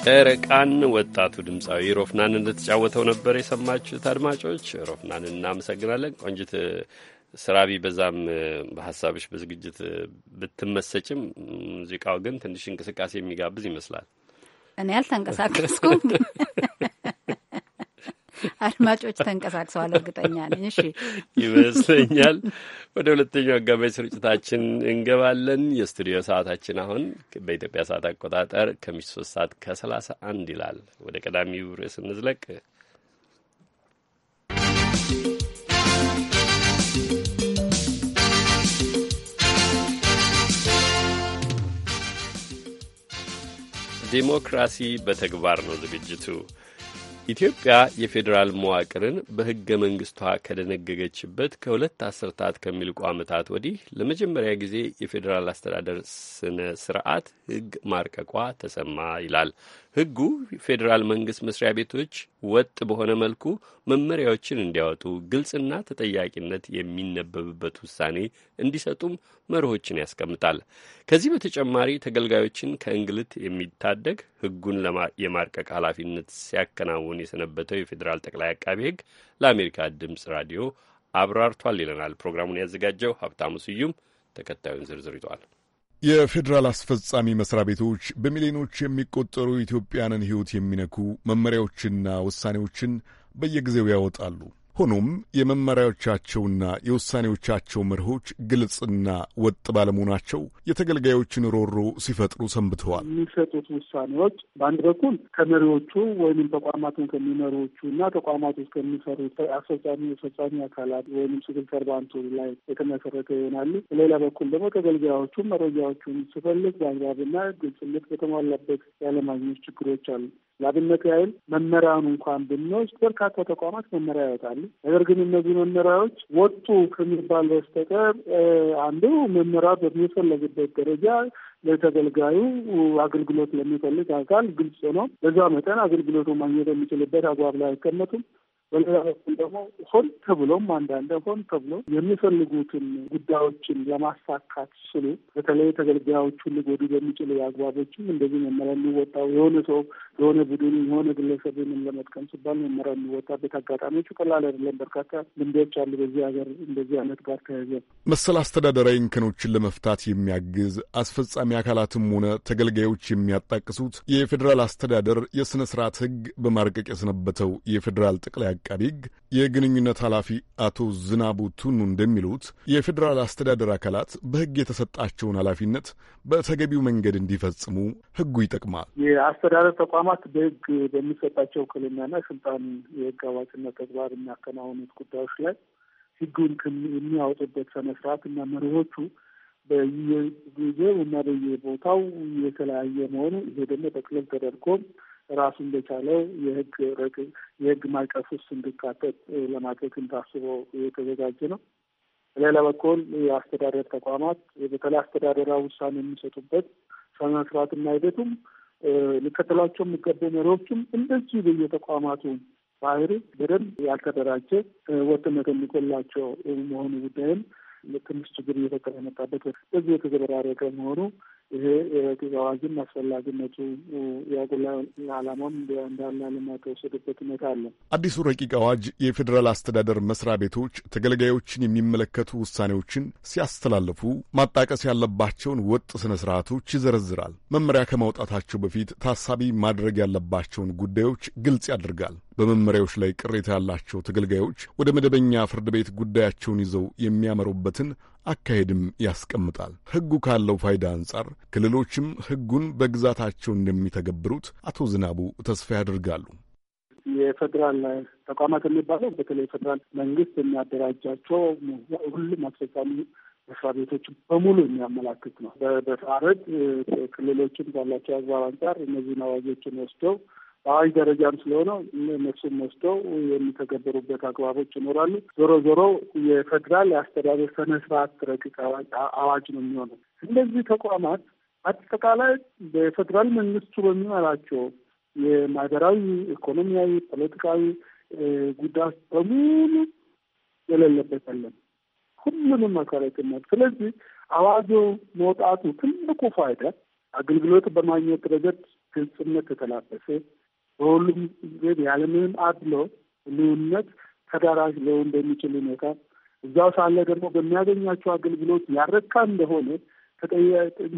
ጨረቃን ወጣቱ ድምፃዊ ሮፍናን እንደተጫወተው ነበር የሰማችሁት። አድማጮች ሮፍናን እናመሰግናለን። ቆንጅት ስራ ቢበዛም በሀሳብሽ በዝግጅት ብትመሰጭም ሙዚቃው ግን ትንሽ እንቅስቃሴ የሚጋብዝ ይመስላል። እኔ አልተንቀሳቀስኩም። አድማጮች ተንቀሳቅሰዋል፣ እርግጠኛ ነኝ። እሺ ይመስለኛል። ወደ ሁለተኛው አጋማሽ ስርጭታችን እንገባለን። የስቱዲዮ ሰዓታችን አሁን በኢትዮጵያ ሰዓት አቆጣጠር ከምሽት ሶስት ሰዓት ከሰላሳ አንድ ይላል። ወደ ቀዳሚው ርዕስ እንዝለቅ። ዴሞክራሲ በተግባር ነው ዝግጅቱ ኢትዮጵያ የፌዴራል መዋቅርን በሕገ መንግሥቷ ከደነገገችበት ከሁለት አስርታት ከሚልቁ ዓመታት ወዲህ ለመጀመሪያ ጊዜ የፌዴራል አስተዳደር ስነ ስርዓት ሕግ ማርቀቋ ተሰማ ይላል ሕጉ ፌዴራል መንግስት መስሪያ ቤቶች ወጥ በሆነ መልኩ መመሪያዎችን እንዲያወጡ ግልጽና ተጠያቂነት የሚነበብበት ውሳኔ እንዲሰጡም መርሆችን ያስቀምጣል። ከዚህ በተጨማሪ ተገልጋዮችን ከእንግልት የሚታደግ ሕጉን የማርቀቅ ኃላፊነት ሲያከናውን የሰነበተው የፌዴራል ጠቅላይ አቃቤ ሕግ ለአሜሪካ ድምፅ ራዲዮ አብራርቷል ይለናል ፕሮግራሙን ያዘጋጀው ሀብታሙ ስዩም። ተከታዩን ዝርዝር ይዟል። የፌዴራል አስፈጻሚ መስሪያ ቤቶች በሚሊዮኖች የሚቆጠሩ ኢትዮጵያንን ሕይወት የሚነኩ መመሪያዎችና ውሳኔዎችን በየጊዜው ያወጣሉ። ሆኖም የመመሪያዎቻቸውና የውሳኔዎቻቸው መርሆች ግልጽና ወጥ ባለመሆናቸው የተገልጋዮችን ሮሮ ሲፈጥሩ ሰንብተዋል። የሚሰጡት ውሳኔዎች በአንድ በኩል ከመሪዎቹ ወይም ተቋማትን ከሚመሪዎቹ እና ተቋማት ውስጥ ከሚሰሩ አስፈጻሚ የፈጻሚ አካላት ወይም ሲቪል ሰርቫንቱ ላይ የተመሰረተ ይሆናሉ። በሌላ በኩል ደግሞ ተገልጋዮቹ መረጃዎቹን ስፈልግ በአግባብና ግልጽነት በተሟላበት ያለማግኘት ችግሮች አሉ። ለአብነት ያህል መመሪያውን እንኳን ብንወስድ በርካታ ተቋማት መመሪያ ያወጣሉ። ነገር ግን እነዚህ መመሪያዎች ወጡ ከሚባል በስተቀር አንዱ መመሪያ በሚፈለግበት ደረጃ ለተገልጋዩ አገልግሎት ለሚፈልግ አካል ግልጽ ነው። በዛ መጠን አገልግሎቱ ማግኘት የሚችልበት አግባብ ላይ አይቀመጡም። በሌላ በኩል ደግሞ ሆን ተብሎም አንዳንድ ሆን ተብሎ የሚፈልጉትን ጉዳዮችን ለማሳካት ስሉ በተለይ ተገልጋዮቹን ሊጎዱ በሚችሉ የአግባቦችም እንደዚህ መመሪያ የሚወጣው የሆነ ሰው የሆነ ቡድን የሆነ ግለሰብንም ለመጥቀም ሲባል መመሪያ የሚወጣበት አጋጣሚዎቹ ቀላል አይደለም። በርካታ ልምዶች አሉ በዚህ ሀገር እንደዚህ አይነት ጋር ተያዘ መሰል አስተዳደራዊ እንከኖችን ለመፍታት የሚያግዝ አስፈጻሚ አካላትም ሆነ ተገልጋዮች የሚያጣቅሱት የፌዴራል አስተዳደር የስነ ስርዓት ህግ በማርቀቅ የሰነበተው የፌዴራል ጠቅላይ አቃቢ ሕግ የግንኙነት ኃላፊ አቶ ዝናቡ ቱኑ እንደሚሉት የፌዴራል አስተዳደር አካላት በሕግ የተሰጣቸውን ኃላፊነት በተገቢው መንገድ እንዲፈጽሙ ሕጉ ይጠቅማል። የአስተዳደር ተቋማት በሕግ በሚሰጣቸው ክልናና ስልጣን የሕግ አዋጭነት ተግባር የሚያከናውኑት ጉዳዮች ላይ ሕጉን የሚያወጡበት ስነስርዓት እና መርሆቹ በየጊዜው እና በየቦታው የተለያየ መሆኑ ይሄ ደግሞ ጠቅለል ተደርጎ ራሱ እንደቻለ የህግ ረቅ የህግ ማዕቀፍ ውስጥ እንዲካተት ለማድረግ ታስቦ የተዘጋጀ ነው። በሌላ በኩል የአስተዳደር ተቋማት በተለይ አስተዳደራዊ ውሳኔ የሚሰጡበት ስነ ስርዓትና ሂደቱም ሊከተሏቸው የሚገቡ መሪዎችም እንደዚሁ በየተቋማቱ ባህሪ በደንብ ያልተደራጀ ወጥነት የሚጎላቸው መሆኑ ጉዳይም ትንሽ ችግር እየፈጠረ የመጣበት በዚህ የተዘበራረቀ መሆኑ ይሄ የረቂቅ አዋጅም አስፈላጊነቱ ያቁላ አላማም እንዳለ ለማተወሰድበት ሁኔታ አለ። አዲሱ ረቂቅ አዋጅ የፌዴራል አስተዳደር መስሪያ ቤቶች ተገልጋዮችን የሚመለከቱ ውሳኔዎችን ሲያስተላልፉ ማጣቀስ ያለባቸውን ወጥ ስነ ስርዓቶች ይዘረዝራል። መመሪያ ከማውጣታቸው በፊት ታሳቢ ማድረግ ያለባቸውን ጉዳዮች ግልጽ ያደርጋል። በመመሪያዎች ላይ ቅሬታ ያላቸው ተገልጋዮች ወደ መደበኛ ፍርድ ቤት ጉዳያቸውን ይዘው የሚያመሩበት የሚቻልበትን አካሄድም ያስቀምጣል። ሕጉ ካለው ፋይዳ አንጻር ክልሎችም ሕጉን በግዛታቸው እንደሚተገብሩት አቶ ዝናቡ ተስፋ ያደርጋሉ። የፌዴራል ተቋማት የሚባለው በተለይ ፌዴራል መንግስት የሚያደራጃቸው ሁሉም አስፈጻሚ መስሪያ ቤቶች በሙሉ የሚያመላክት ነው። በተዋረድ ክልሎችም ባላቸው አግባብ አንጻር እነዚህን አዋጆችን ወስደው በአዋጅ ደረጃም ስለሆነ እነሱም ወስደው የሚተገበሩበት አግባቦች ይኖራሉ። ዞሮ ዞሮ የፌዴራል የአስተዳደር ስነ ስርዓት ረቂቅ አዋጅ ነው የሚሆነው። እንደዚህ ተቋማት አጠቃላይ በፌዴራል መንግስቱ በሚመራቸው የማህበራዊ፣ ኢኮኖሚያዊ፣ ፖለቲካዊ ጉዳዮች በሙሉ የሌለበት ሁሉንም አካላትነት። ስለዚህ አዋጁ መውጣቱ ትልቁ ፋይዳ አገልግሎት በማግኘት ረገድ ግልጽነት የተላበሰ በሁሉም ጊዜ ያለምንም አድሎ ልዩነት ተደራጅለው እንደሚችል ሁኔታ እዛው ሳለ ደግሞ በሚያገኛቸው አገልግሎት ያረካ እንደሆነ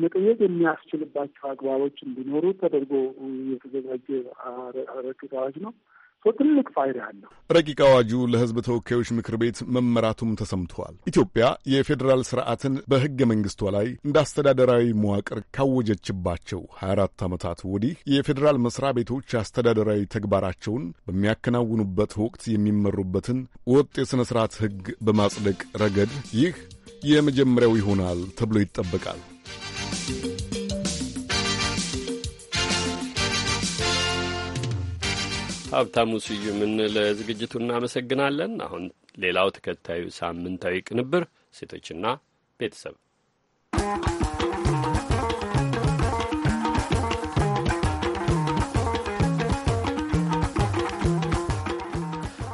መጠየቅ የሚያስችልባቸው አግባቦች እንዲኖሩ ተደርጎ የተዘጋጀ ረቂቅ አዋጅ ነው። ትልቅ ፋይዳ አለው። ረቂቅ አዋጁ ለህዝብ ተወካዮች ምክር ቤት መመራቱም ተሰምተዋል። ኢትዮጵያ የፌዴራል ስርዓትን በህገ መንግስቷ ላይ እንደ አስተዳደራዊ መዋቅር ካወጀችባቸው 24 ዓመታት ወዲህ የፌዴራል መስሪያ ቤቶች አስተዳደራዊ ተግባራቸውን በሚያከናውኑበት ወቅት የሚመሩበትን ወጥ የሥነ ሥርዓት ሕግ በማጽደቅ ረገድ ይህ የመጀመሪያው ይሆናል ተብሎ ይጠበቃል። ሀብታሙ ስዩምን ለዝግጅቱ እናመሰግናለን። አሁን ሌላው ተከታዩ ሳምንታዊ ቅንብር ሴቶችና ቤተሰብ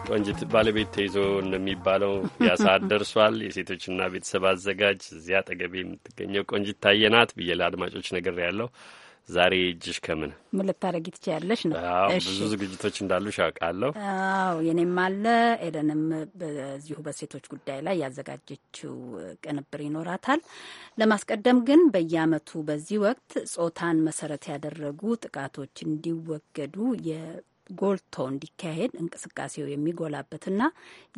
ቆንጅት ባለቤት ተይዞ እንደሚባለው ያሳት ደርሷል። የሴቶችና ቤተሰብ አዘጋጅ እዚያ አጠገቤ የምትገኘው ቆንጅት ታየናት ብዬ ለአድማጮች ነገር ያለው ዛሬ እጅሽ ከምን ምን ልታደርጊ ትችያለሽ ነው። ብዙ ዝግጅቶች እንዳሉ አውቃለሁ። አዎ የኔም አለ። ኤደንም በዚሁ በሴቶች ጉዳይ ላይ ያዘጋጀችው ቅንብር ይኖራታል። ለማስቀደም ግን በየአመቱ በዚህ ወቅት ጾታን መሰረት ያደረጉ ጥቃቶች እንዲወገዱ ጎልቶ እንዲካሄድ እንቅስቃሴው የሚጎላበትና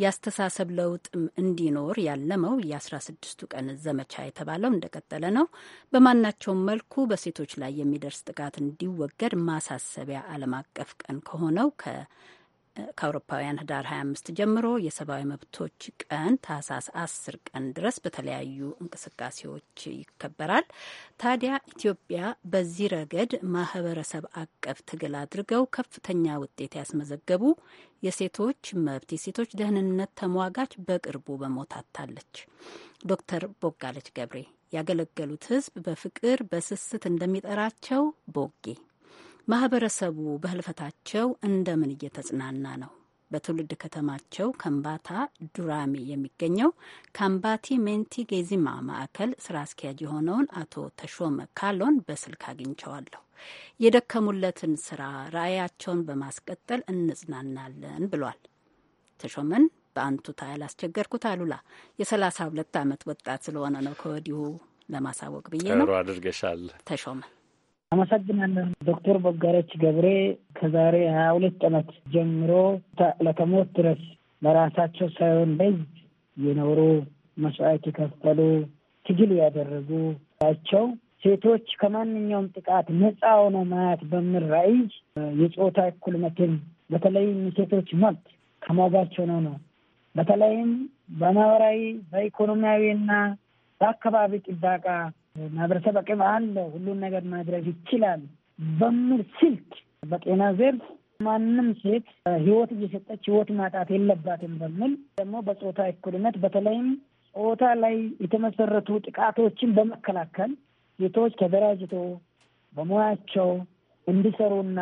የአስተሳሰብ ለውጥም እንዲኖር ያለመው የ16ቱ ቀን ዘመቻ የተባለው እንደቀጠለ ነው። በማናቸውም መልኩ በሴቶች ላይ የሚደርስ ጥቃት እንዲወገድ ማሳሰቢያ ዓለም አቀፍ ቀን ከሆነው ከአውሮፓውያን ህዳር 25 ጀምሮ የሰብአዊ መብቶች ቀን ታህሳስ 10 ቀን ድረስ በተለያዩ እንቅስቃሴዎች ይከበራል። ታዲያ ኢትዮጵያ በዚህ ረገድ ማህበረሰብ አቀፍ ትግል አድርገው ከፍተኛ ውጤት ያስመዘገቡ የሴቶች መብት የሴቶች ደህንነት ተሟጋች በቅርቡ በሞት አጥታለች። ዶክተር ቦጋለች ገብሬ ያገለገሉት ህዝብ በፍቅር በስስት እንደሚጠራቸው ቦጌ ማህበረሰቡ በህልፈታቸው እንደምን እየተጽናና ነው? በትውልድ ከተማቸው ከምባታ ዱራሚ የሚገኘው ካምባቲ ሜንቲ ጌዚማ ማዕከል ስራ አስኪያጅ የሆነውን አቶ ተሾመ ካሎን በስልክ አግኝቸዋለሁ። የደከሙለትን ስራ ራዕያቸውን በማስቀጠል እንጽናናለን ብሏል። ተሾመን በአንቱታ ያላስቸገርኩት አሉላ የሰላሳ ሁለት ዓመት ወጣት ስለሆነ ነው ከወዲሁ ለማሳወቅ ብዬ ነው። አድርገሻል ተሾመን አመሰግናለን። ዶክተር ቦጋለች ገብሬ ከዛሬ ሀያ ሁለት ዓመት ጀምሮ ለከሞት ድረስ ለራሳቸው ሳይሆን ለሕዝብ የኖሩ መስዋዕት የከፈሉ ትግል ያደረጉ ቸው ሴቶች ከማንኛውም ጥቃት ነፃ ሆኖ ማየት በሚል ራዕይ የጾታ እኩልነትን በተለይም የሴቶች መብት ከሞጋቸው ነው ነው በተለይም በማህበራዊ በኢኮኖሚያዊ እና በአካባቢ ጥበቃ ማህበረሰብ አቅም አለ፣ ሁሉን ነገር ማድረግ ይችላል በሚል ስልክ በጤና ዘርፍ ማንም ሴት ህይወት እየሰጠች ህይወት ማጣት የለባትም በሚል ደግሞ በፆታ እኩልነት በተለይም ፆታ ላይ የተመሰረቱ ጥቃቶችን በመከላከል ሴቶች ተደራጅቶ በሙያቸው እንዲሰሩና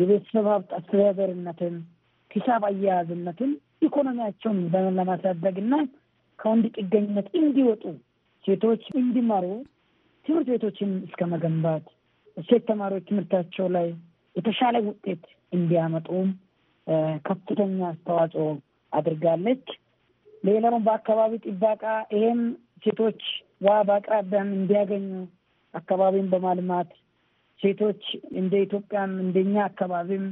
የቤተሰብ ሀብት አስተዳደርነትን፣ ሂሳብ አያያዝነትን፣ ኢኮኖሚያቸውን ለማሳደግና ከወንድ ጥገኝነት እንዲወጡ ሴቶች እንዲመሩ ትምህርት ቤቶችን እስከ መገንባት ሴት ተማሪዎች ትምህርታቸው ላይ የተሻለ ውጤት እንዲያመጡም ከፍተኛ አስተዋጽኦ አድርጋለች። ሌላው በአካባቢ ጥበቃ ይሄም ሴቶች ውሃ በአቅራቢያም እንዲያገኙ አካባቢን በማልማት ሴቶች እንደ ኢትዮጵያም እንደኛ አካባቢም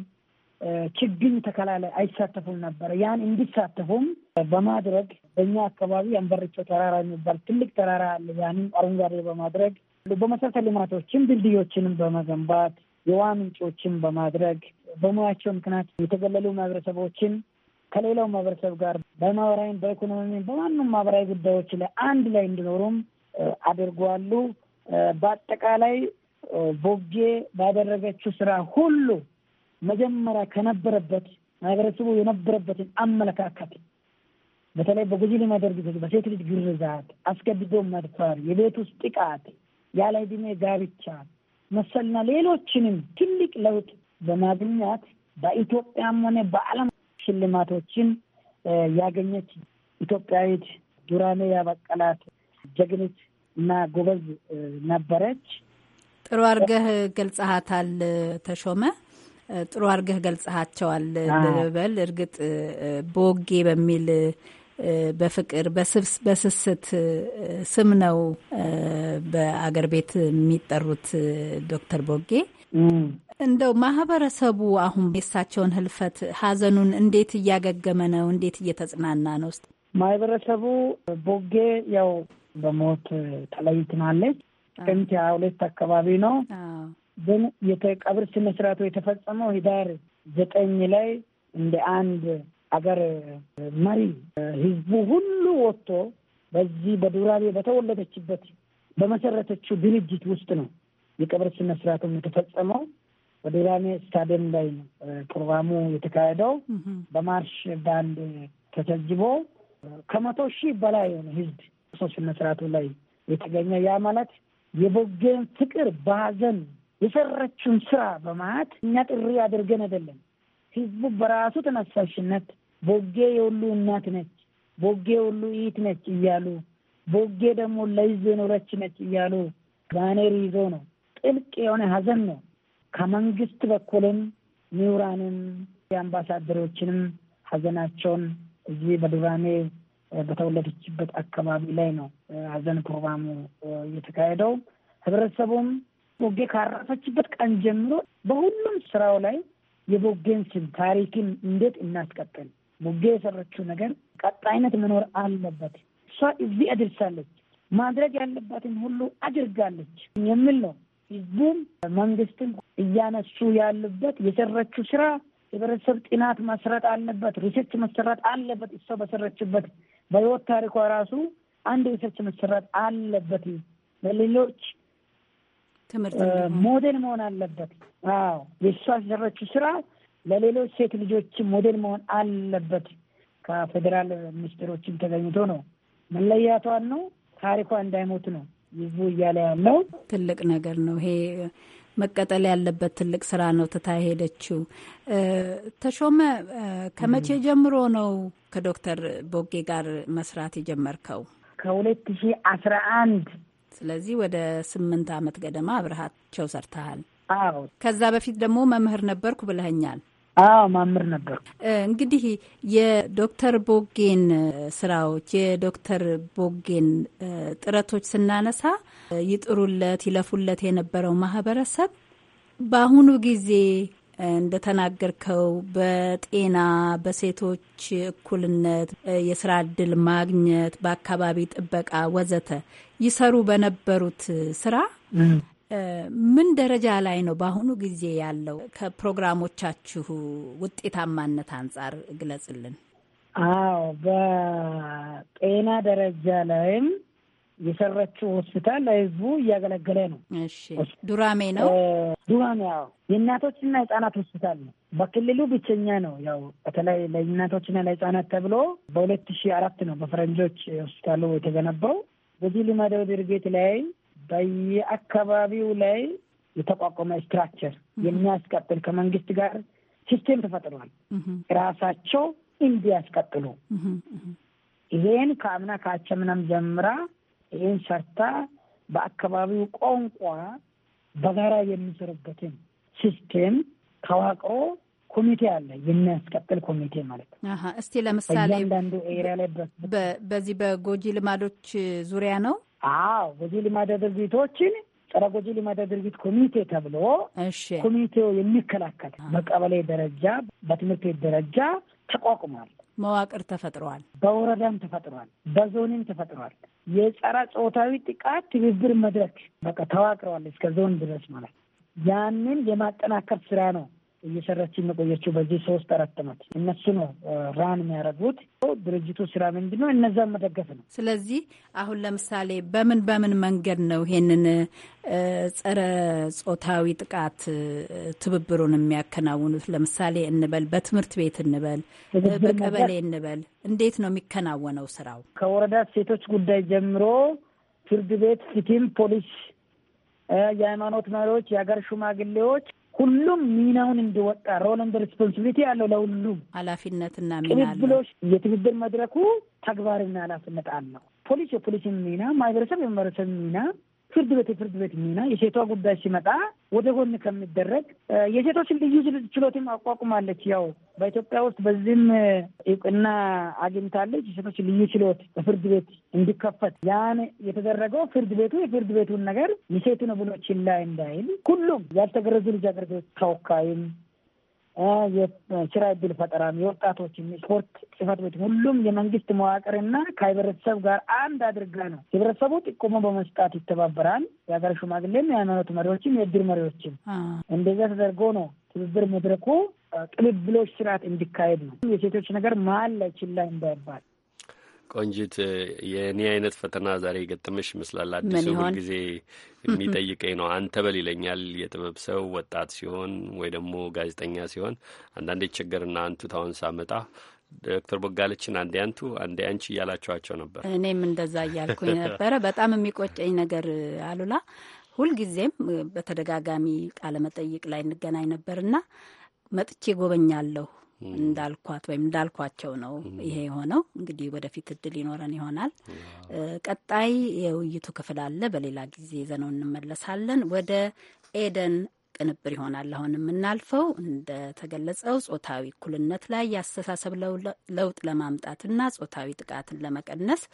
ችግኝ ተከላ ላይ አይሳተፉም ነበረ። ያን እንዲሳተፉም በማድረግ በእኛ አካባቢ አንበርቾ ተራራ የሚባል ትልቅ ተራራ አለ። ያንም አረንጓዴ በማድረግ በመሰረተ ልማቶችም ድልድዮችንም በመገንባት የውሃ ምንጮችን በማድረግ በሙያቸው ምክንያት የተገለሉ ማህበረሰቦችን ከሌላው ማህበረሰብ ጋር በማህበራዊም በኢኮኖሚም በማንም ማህበራዊ ጉዳዮች ላይ አንድ ላይ እንዲኖሩም አድርጓሉ። በአጠቃላይ ቦጌ ባደረገችው ስራ ሁሉ መጀመሪያ ከነበረበት ማህበረሰቡ የነበረበትን አመለካከት በተለይ በጉጂ ልማደርግ በሴት ልጅ ግርዛት፣ አስገድዶ መድፈር፣ የቤት ውስጥ ጥቃት ያለ ዕድሜ ጋብቻ መሰልና ሌሎችንም ትልቅ ለውጥ በማግኘት በኢትዮጵያም ሆነ በዓለም ሽልማቶችን ያገኘች ኢትዮጵያዊት ዱራሜ ያበቀላት ጀግኖች እና ጎበዝ ነበረች። ጥሩ አርገህ ገልጸሃታል ተሾመ። ጥሩ አርገህ ገልጸሃቸዋል ልበል። እርግጥ ቦጌ በሚል በፍቅር በስስት ስም ነው በአገር ቤት የሚጠሩት ዶክተር ቦጌ እንደው ማህበረሰቡ አሁን የእሳቸውን ህልፈት ሀዘኑን እንዴት እያገገመ ነው? እንዴት እየተጽናና ነው? ውስጥ ማህበረሰቡ ቦጌ ያው በሞት ተለይትናለች። ጥቅምት ሀያ ሁለት አካባቢ ነው ግን የቀብር ስነስርዓቱ የተፈጸመው ህዳር ዘጠኝ ላይ እንደ አንድ አገር መሪ ህዝቡ ሁሉ ወጥቶ በዚህ በዱራሜ በተወለደችበት በመሰረተችው ድርጅት ውስጥ ነው የቀብር ስነ ስርዓቱም የተፈጸመው። በዱራሜ ስታዲየም ላይ ነው ፕሮግራሙ የተካሄደው። በማርሽ ባንድ ተተጅቦ ከመቶ ሺህ በላይ የሆነ ህዝብ ሰው ስነ ስርዓቱ ላይ የተገኘ ያ ማለት የቦጌን ፍቅር በሀዘን የሰራችውን ስራ በማየት እኛ ጥሪ አድርገን አይደለም ህዝቡ በራሱ ተነሳሽነት ቦጌ የሁሉ እናት ነች፣ ቦጌ የሁሉ ኢት ነች እያሉ ቦጌ ደግሞ ለይዞ የኖረች ነች እያሉ ባኔር ይዞ ነው። ጥልቅ የሆነ ሀዘን ነው። ከመንግስት በኩልም ምሁራንም የአምባሳደሮችንም ሀዘናቸውን እዚህ በዱራሜ በተወለደችበት አካባቢ ላይ ነው ሀዘን ፕሮግራሙ እየተካሄደው። ህብረተሰቡም ቦጌ ካረፈችበት ቀን ጀምሮ በሁሉም ስራው ላይ የቦጌንስን ታሪክን እንዴት እናስቀጥል? ቦጌ የሰረችው ነገር ቀጣይነት መኖር አለበት። እሷ እዚህ አድርሳለች፣ ማድረግ ያለባትን ሁሉ አድርጋለች የሚል ነው። ህዝቡም መንግስትም እያነሱ ያሉበት የሰረችው ስራ የህብረተሰብ ጥናት መስራት አለበት፣ ሪሰርች መሰራት አለበት። እሷ በሰረችበት በህይወት ታሪኳ ራሱ አንድ ሪሰርች መሰራት አለበት ለሌሎች ሞዴል መሆን አለበት። አዎ የእሷ የሰራችው ስራ ለሌሎች ሴት ልጆችም ሞዴል መሆን አለበት። ከፌዴራል ሚኒስትሮችም ተገኝቶ ነው መለያቷን ነው ታሪኳ እንዳይሞት ነው ይዙ እያለ ያለው ትልቅ ነገር ነው ይሄ መቀጠል ያለበት ትልቅ ስራ ነው። ትታ ሄደችው። ተሾመ ከመቼ ጀምሮ ነው ከዶክተር ቦጌ ጋር መስራት የጀመርከው? ከሁለት ሺህ አስራ አንድ ስለዚህ ወደ ስምንት ዓመት ገደማ አብረሃቸው ሰርተሃል። አዎ። ከዛ በፊት ደግሞ መምህር ነበርኩ ብለኸኛል። አዎ ማምር ነበርኩ። እንግዲህ የዶክተር ቦጌን ስራዎች የዶክተር ቦጌን ጥረቶች ስናነሳ ይጥሩለት ይለፉለት የነበረው ማህበረሰብ በአሁኑ ጊዜ እንደተናገርከው በጤና፣ በሴቶች እኩልነት፣ የስራ እድል ማግኘት፣ በአካባቢ ጥበቃ ወዘተ ይሰሩ በነበሩት ስራ ምን ደረጃ ላይ ነው በአሁኑ ጊዜ ያለው? ከፕሮግራሞቻችሁ ውጤታማነት አንጻር ግለጽልን። አዎ፣ በጤና ደረጃ ላይም የሰራችው ሆስፒታል ለህዝቡ እያገለገለ ነው። እሺ፣ ዱራሜ ነው። ዱራሜ ያው የእናቶችና የህጻናት ሆስፒታል ነው። በክልሉ ብቸኛ ነው። ያው በተለይ ለእናቶችና ለህጻናት ተብሎ በሁለት ሺህ አራት ነው በፈረንጆች ሆስፒታሉ የተገነባው። በዚህ ልማዳዊ ድርጊት ላይ በየአካባቢው ላይ የተቋቋመ ስትራክቸር የሚያስቀጥል ከመንግስት ጋር ሲስቴም ተፈጥሯል። ራሳቸው እንዲያስቀጥሉ ይሄን ከአምና ከአቸምናም ጀምራ ይህን ሰርታ በአካባቢው ቋንቋ በጋራ የሚሰሩበትን ሲስቴም ተዋቅሮ ኮሚቴ አለ፣ የሚያስቀጥል ኮሚቴ ማለት ነው። እስቲ ለምሳሌ እያንዳንዱ ኤሪያ ላይ በዚህ በጎጂ ልማዶች ዙሪያ ነው። አዎ ጎጂ ልማድ ድርጊቶችን ጸረ ጎጂ ልማድ ድርጊት ኮሚቴ ተብሎ ኮሚቴው የሚከላከል በቀበሌ ደረጃ በትምህርት ቤት ደረጃ ተቋቁሟል። መዋቅር ተፈጥሯል። በወረዳም ተፈጥሯል። በዞንም ተፈጥሯል። የጸረ ጾታዊ ጥቃት ትብብር መድረክ በቃ ተዋቅረዋል። እስከ ዞን ድረስ ማለት ያንን የማጠናከር ስራ ነው እየሰራች የቆየችው በዚህ ሶስት አራት ዓመት እነሱ ነው ራን የሚያደርጉት። ድርጅቱ ስራ ምንድን ነው? እነዛን መደገፍ ነው። ስለዚህ አሁን ለምሳሌ በምን በምን መንገድ ነው ይሄንን ጸረ ጾታዊ ጥቃት ትብብሩን የሚያከናውኑት? ለምሳሌ እንበል በትምህርት ቤት እንበል በቀበሌ እንበል እንዴት ነው የሚከናወነው ስራው? ከወረዳ ሴቶች ጉዳይ ጀምሮ ፍርድ ቤት፣ ፊቲም፣ ፖሊስ፣ የሃይማኖት መሪዎች፣ የሀገር ሽማግሌዎች ሁሉም ሚናውን እንዲወጣ ሮል ኤንድ ሪስፖንሲቢሊቲ ያለው ለሁሉም ኃላፊነትና ሚና ቅብብሎች የትብብር መድረኩ ተግባርና ኃላፊነት አለው። ፖሊስ የፖሊስን ሚና፣ ማህበረሰብ የማህበረሰብ ሚና ፍርድ ቤት የፍርድ ቤት ሚና የሴቷ ጉዳይ ሲመጣ ወደ ጎን ከሚደረግ የሴቶችን ልዩ ችሎትም አቋቁማለች። ያው በኢትዮጵያ ውስጥ በዚህም እውቅና አግኝታለች። የሴቶች ልዩ ችሎት በፍርድ ቤት እንዲከፈት ያን የተደረገው ፍርድ ቤቱ የፍርድ ቤቱን ነገር የሴቱ ነው ብሎ ችላ እንዳይል ሁሉም ያልተገረዙ ልጃገረዶች ተወካይም የስራ እድል ፈጠራም፣ የወጣቶችም፣ ስፖርት ጽህፈት ቤት ሁሉም የመንግስት መዋቅርና ከህብረተሰብ ጋር አንድ አድርጋ ነው። ህብረተሰቡ ጥቆማ በመስጣት ይተባበራል። የሀገር ሽማግሌም፣ የሃይማኖት መሪዎችም፣ የእድር መሪዎችም እንደዛ ተደርጎ ነው ትብብር መድረኩ ቅልብሎች ስርዓት እንዲካሄድ ነው። የሴቶች ነገር መሀል ላይ ችላ እንዳይባል ቆንጂት የእኔ አይነት ፈተና ዛሬ የገጠመሽ ይመስላል። አዲሱ ሁልጊዜ የሚጠይቀኝ ነው። አንተ በል ይለኛል። የጥበብ ሰው ወጣት ሲሆን ወይ ደግሞ ጋዜጠኛ ሲሆን አንዳንዴ ችግርና አንቱ ታውን ሳመጣ ዶክተር ቦጋለችን አንዴ አንቱ አንዴ አንቺ እያላችኋቸው ነበር። እኔም እንደዛ እያልኩኝ ነበረ። በጣም የሚቆጨኝ ነገር አሉላ ሁልጊዜም በተደጋጋሚ ቃለመጠይቅ ላይ እንገናኝ ነበርና መጥቼ ጎበኛለሁ እንዳልኳት ወይም እንዳልኳቸው ነው ይሄ የሆነው። እንግዲህ ወደፊት እድል ይኖረን ይሆናል። ቀጣይ የውይይቱ ክፍል አለ። በሌላ ጊዜ ይዘነው እንመለሳለን። ወደ ኤደን ቅንብር ይሆናል አሁን የምናልፈው። እንደተገለጸው ጾታዊ እኩልነት ላይ የአስተሳሰብ ለውጥ ለማምጣትና ጾታዊ ጥቃትን ለመቀነስ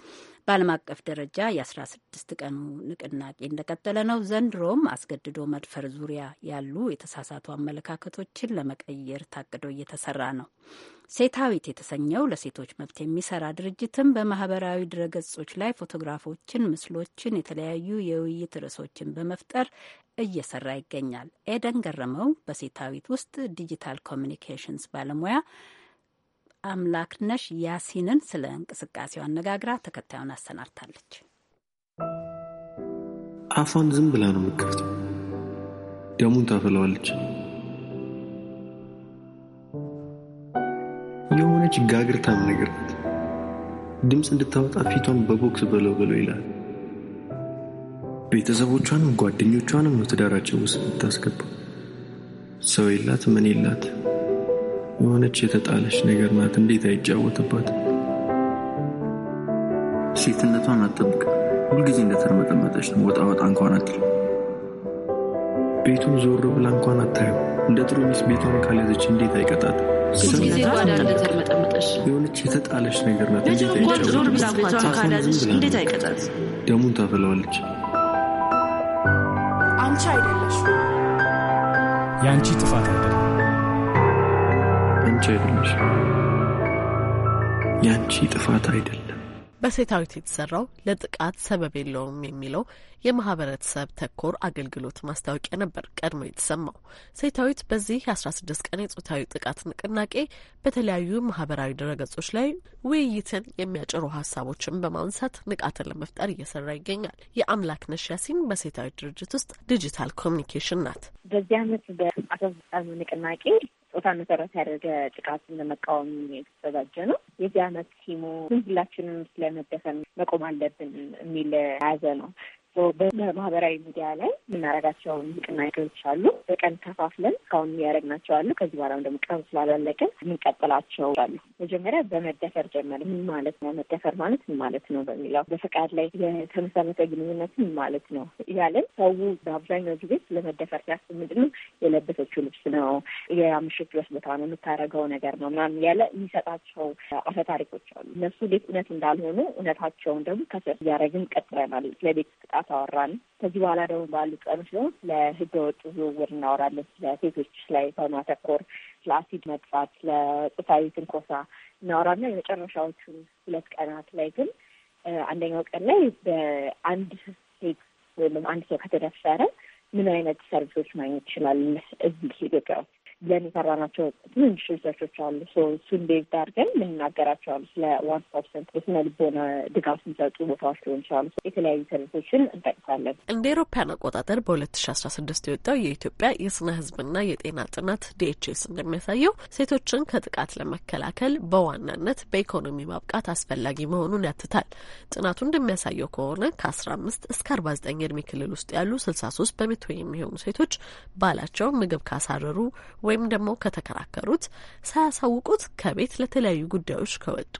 በዓለም አቀፍ ደረጃ የ16 ቀኑ ንቅናቄ እንደቀጠለ ነው። ዘንድሮም አስገድዶ መድፈር ዙሪያ ያሉ የተሳሳቱ አመለካከቶችን ለመቀየር ታቅዶ እየተሰራ ነው። ሴታዊት የተሰኘው ለሴቶች መብት የሚሰራ ድርጅትም በማህበራዊ ድረገጾች ላይ ፎቶግራፎችን፣ ምስሎችን፣ የተለያዩ የውይይት ርዕሶችን በመፍጠር እየሰራ ይገኛል። ኤደን ገረመው በሴታዊት ውስጥ ዲጂታል ኮሚኒኬሽንስ ባለሙያ አምላክነሽ ያሲንን ስለ እንቅስቃሴው አነጋግራ ተከታዩን አሰናድታለች። አፏን ዝም ብላ ነው የምትከፍተው። ደሙን ታፈለዋለች። የሆነች ጋግርታም ነገር ድምፅ እንድታወጣ ፊቷን በቦክስ በለው በለው ይላል። ቤተሰቦቿንም ጓደኞቿንም ነው ትዳራቸው ውስጥ ብታስገባ ሰው የላት ምን የላት የሆነች የተጣለች ነገር ናት። እንዴት አይጫወትባትም? ሴትነቷን አትጠብቅ። ሁልጊዜ እንደተርመጠመጠች ነው። ወጣ ወጣ እንኳን አትልም። ቤቱን ዞር ብላ እንኳን አታዩ። እንደ ጥሩ ሚስት ቤቷን ካልያዘች እንዴት አይቀጣት? የሆነች የተጣለች ነገር ናት። ደሙን ታፈለዋለች። አንቺ አይደለሽ። የአንቺ ጥፋት አይደለም አንቺ አይደለሽ፣ የአንቺ ጥፋት አይደለም። በሴታዊት የተሰራው ለጥቃት ሰበብ የለውም የሚለው የማህበረተሰብ ተኮር አገልግሎት ማስታወቂያ ነበር ቀድሞ የተሰማው። ሴታዊት በዚህ የአስራ ስድስት ቀን የጾታዊ ጥቃት ንቅናቄ በተለያዩ ማህበራዊ ድረገጾች ላይ ውይይትን የሚያጭሩ ሀሳቦችን በማንሳት ንቃትን ለመፍጠር እየሰራ ይገኛል። የአምላክ ነሽ ያሲን በሴታዊት ድርጅት ውስጥ ዲጂታል ኮሚኒኬሽን ናት። በዚህ አመት በአስራ ስድስት ቀን ንቅናቄ ጾታን መሰረት ያደረገ ጥቃትን ለመቃወም የተዘጋጀ ነው። የዚህ አመት ሲሙ ሁላችንም ስለመደፈን መቆም አለብን የሚል የያዘ ነው። በማህበራዊ ሚዲያ ላይ የምናረጋቸውን ንቅናቄዎች አሉ። በቀን ከፋፍለን እስካሁን እያደረግናቸው አሉ። ከዚህ በኋላም ደግሞ ቀን ስላላለቅን የምንቀጥላቸው አሉ። መጀመሪያ በመደፈር ጀመር። ምን ማለት ነው መደፈር ማለት ምን ማለት ነው በሚለው በፈቃድ ላይ የተመሰረተ ግንኙነት ምን ማለት ነው እያለን ሰው በአብዛኛው ጊዜ ስለመደፈር ሲያስብ ምንድን ነው የለበሰችው ልብስ ነው፣ የምሽት ድረስ ቦታ ነው፣ የምታደርገው ነገር ነው ምናምን እያለ የሚሰጣቸው አፈ ታሪኮች አሉ። እነሱ እንዴት እውነት እንዳልሆኑ እውነታቸውን ደግሞ ከስር እያደረግን ቀጥለናል ለቤት ስጣ ስርዓት አወራን። ከዚህ በኋላ ደግሞ ባሉ ቀኖች ሲሆን ስለ ህገ ህገወጥ ዝውውር እናወራለን፣ ስለ ሴቶች ላይ በማተኮር ስለ አሲድ መጥፋት፣ ስለ ጾታዊ ትንኮሳ እናወራና የመጨረሻዎቹ ሁለት ቀናት ላይ ግን አንደኛው ቀን ላይ በአንድ ሴት ወይም አንድ ሰው ከተደፈረ ምን አይነት ሰርቪሶች ማግኘት ይችላል እዚህ ኢትዮጵያ ውስጥ ብለን የሰራናቸው ትንንሽ ሪሰርቾች አሉ። እሱን ቤዝ ዳርገን የምንናገራቸው ስለ ዋን ስቶፕ ሴንተር የስነ ልቦና ድጋፍ የሚሰጡ ቦታዎች ሊሆን ይችላሉ። የተለያዩ ሰርቪሶችን እንጠቅሳለን። እንደ ኤሮፓያን አቆጣጠር በሁለት ሺ አስራ ስድስት የወጣው የኢትዮጵያ የስነ ህዝብና የጤና ጥናት ዲኤችኤስ እንደሚያሳየው ሴቶችን ከጥቃት ለመከላከል በዋናነት በኢኮኖሚ ማብቃት አስፈላጊ መሆኑን ያትታል። ጥናቱ እንደሚያሳየው ከሆነ ከአስራ አምስት እስከ አርባ ዘጠኝ የእድሜ ክልል ውስጥ ያሉ ስልሳ ሶስት በመቶ የሚሆኑ ሴቶች ባላቸው ምግብ ካሳረሩ ወይም ደግሞ ከተከራከሩት ሳያሳውቁት ከቤት ለተለያዩ ጉዳዮች ከወጡ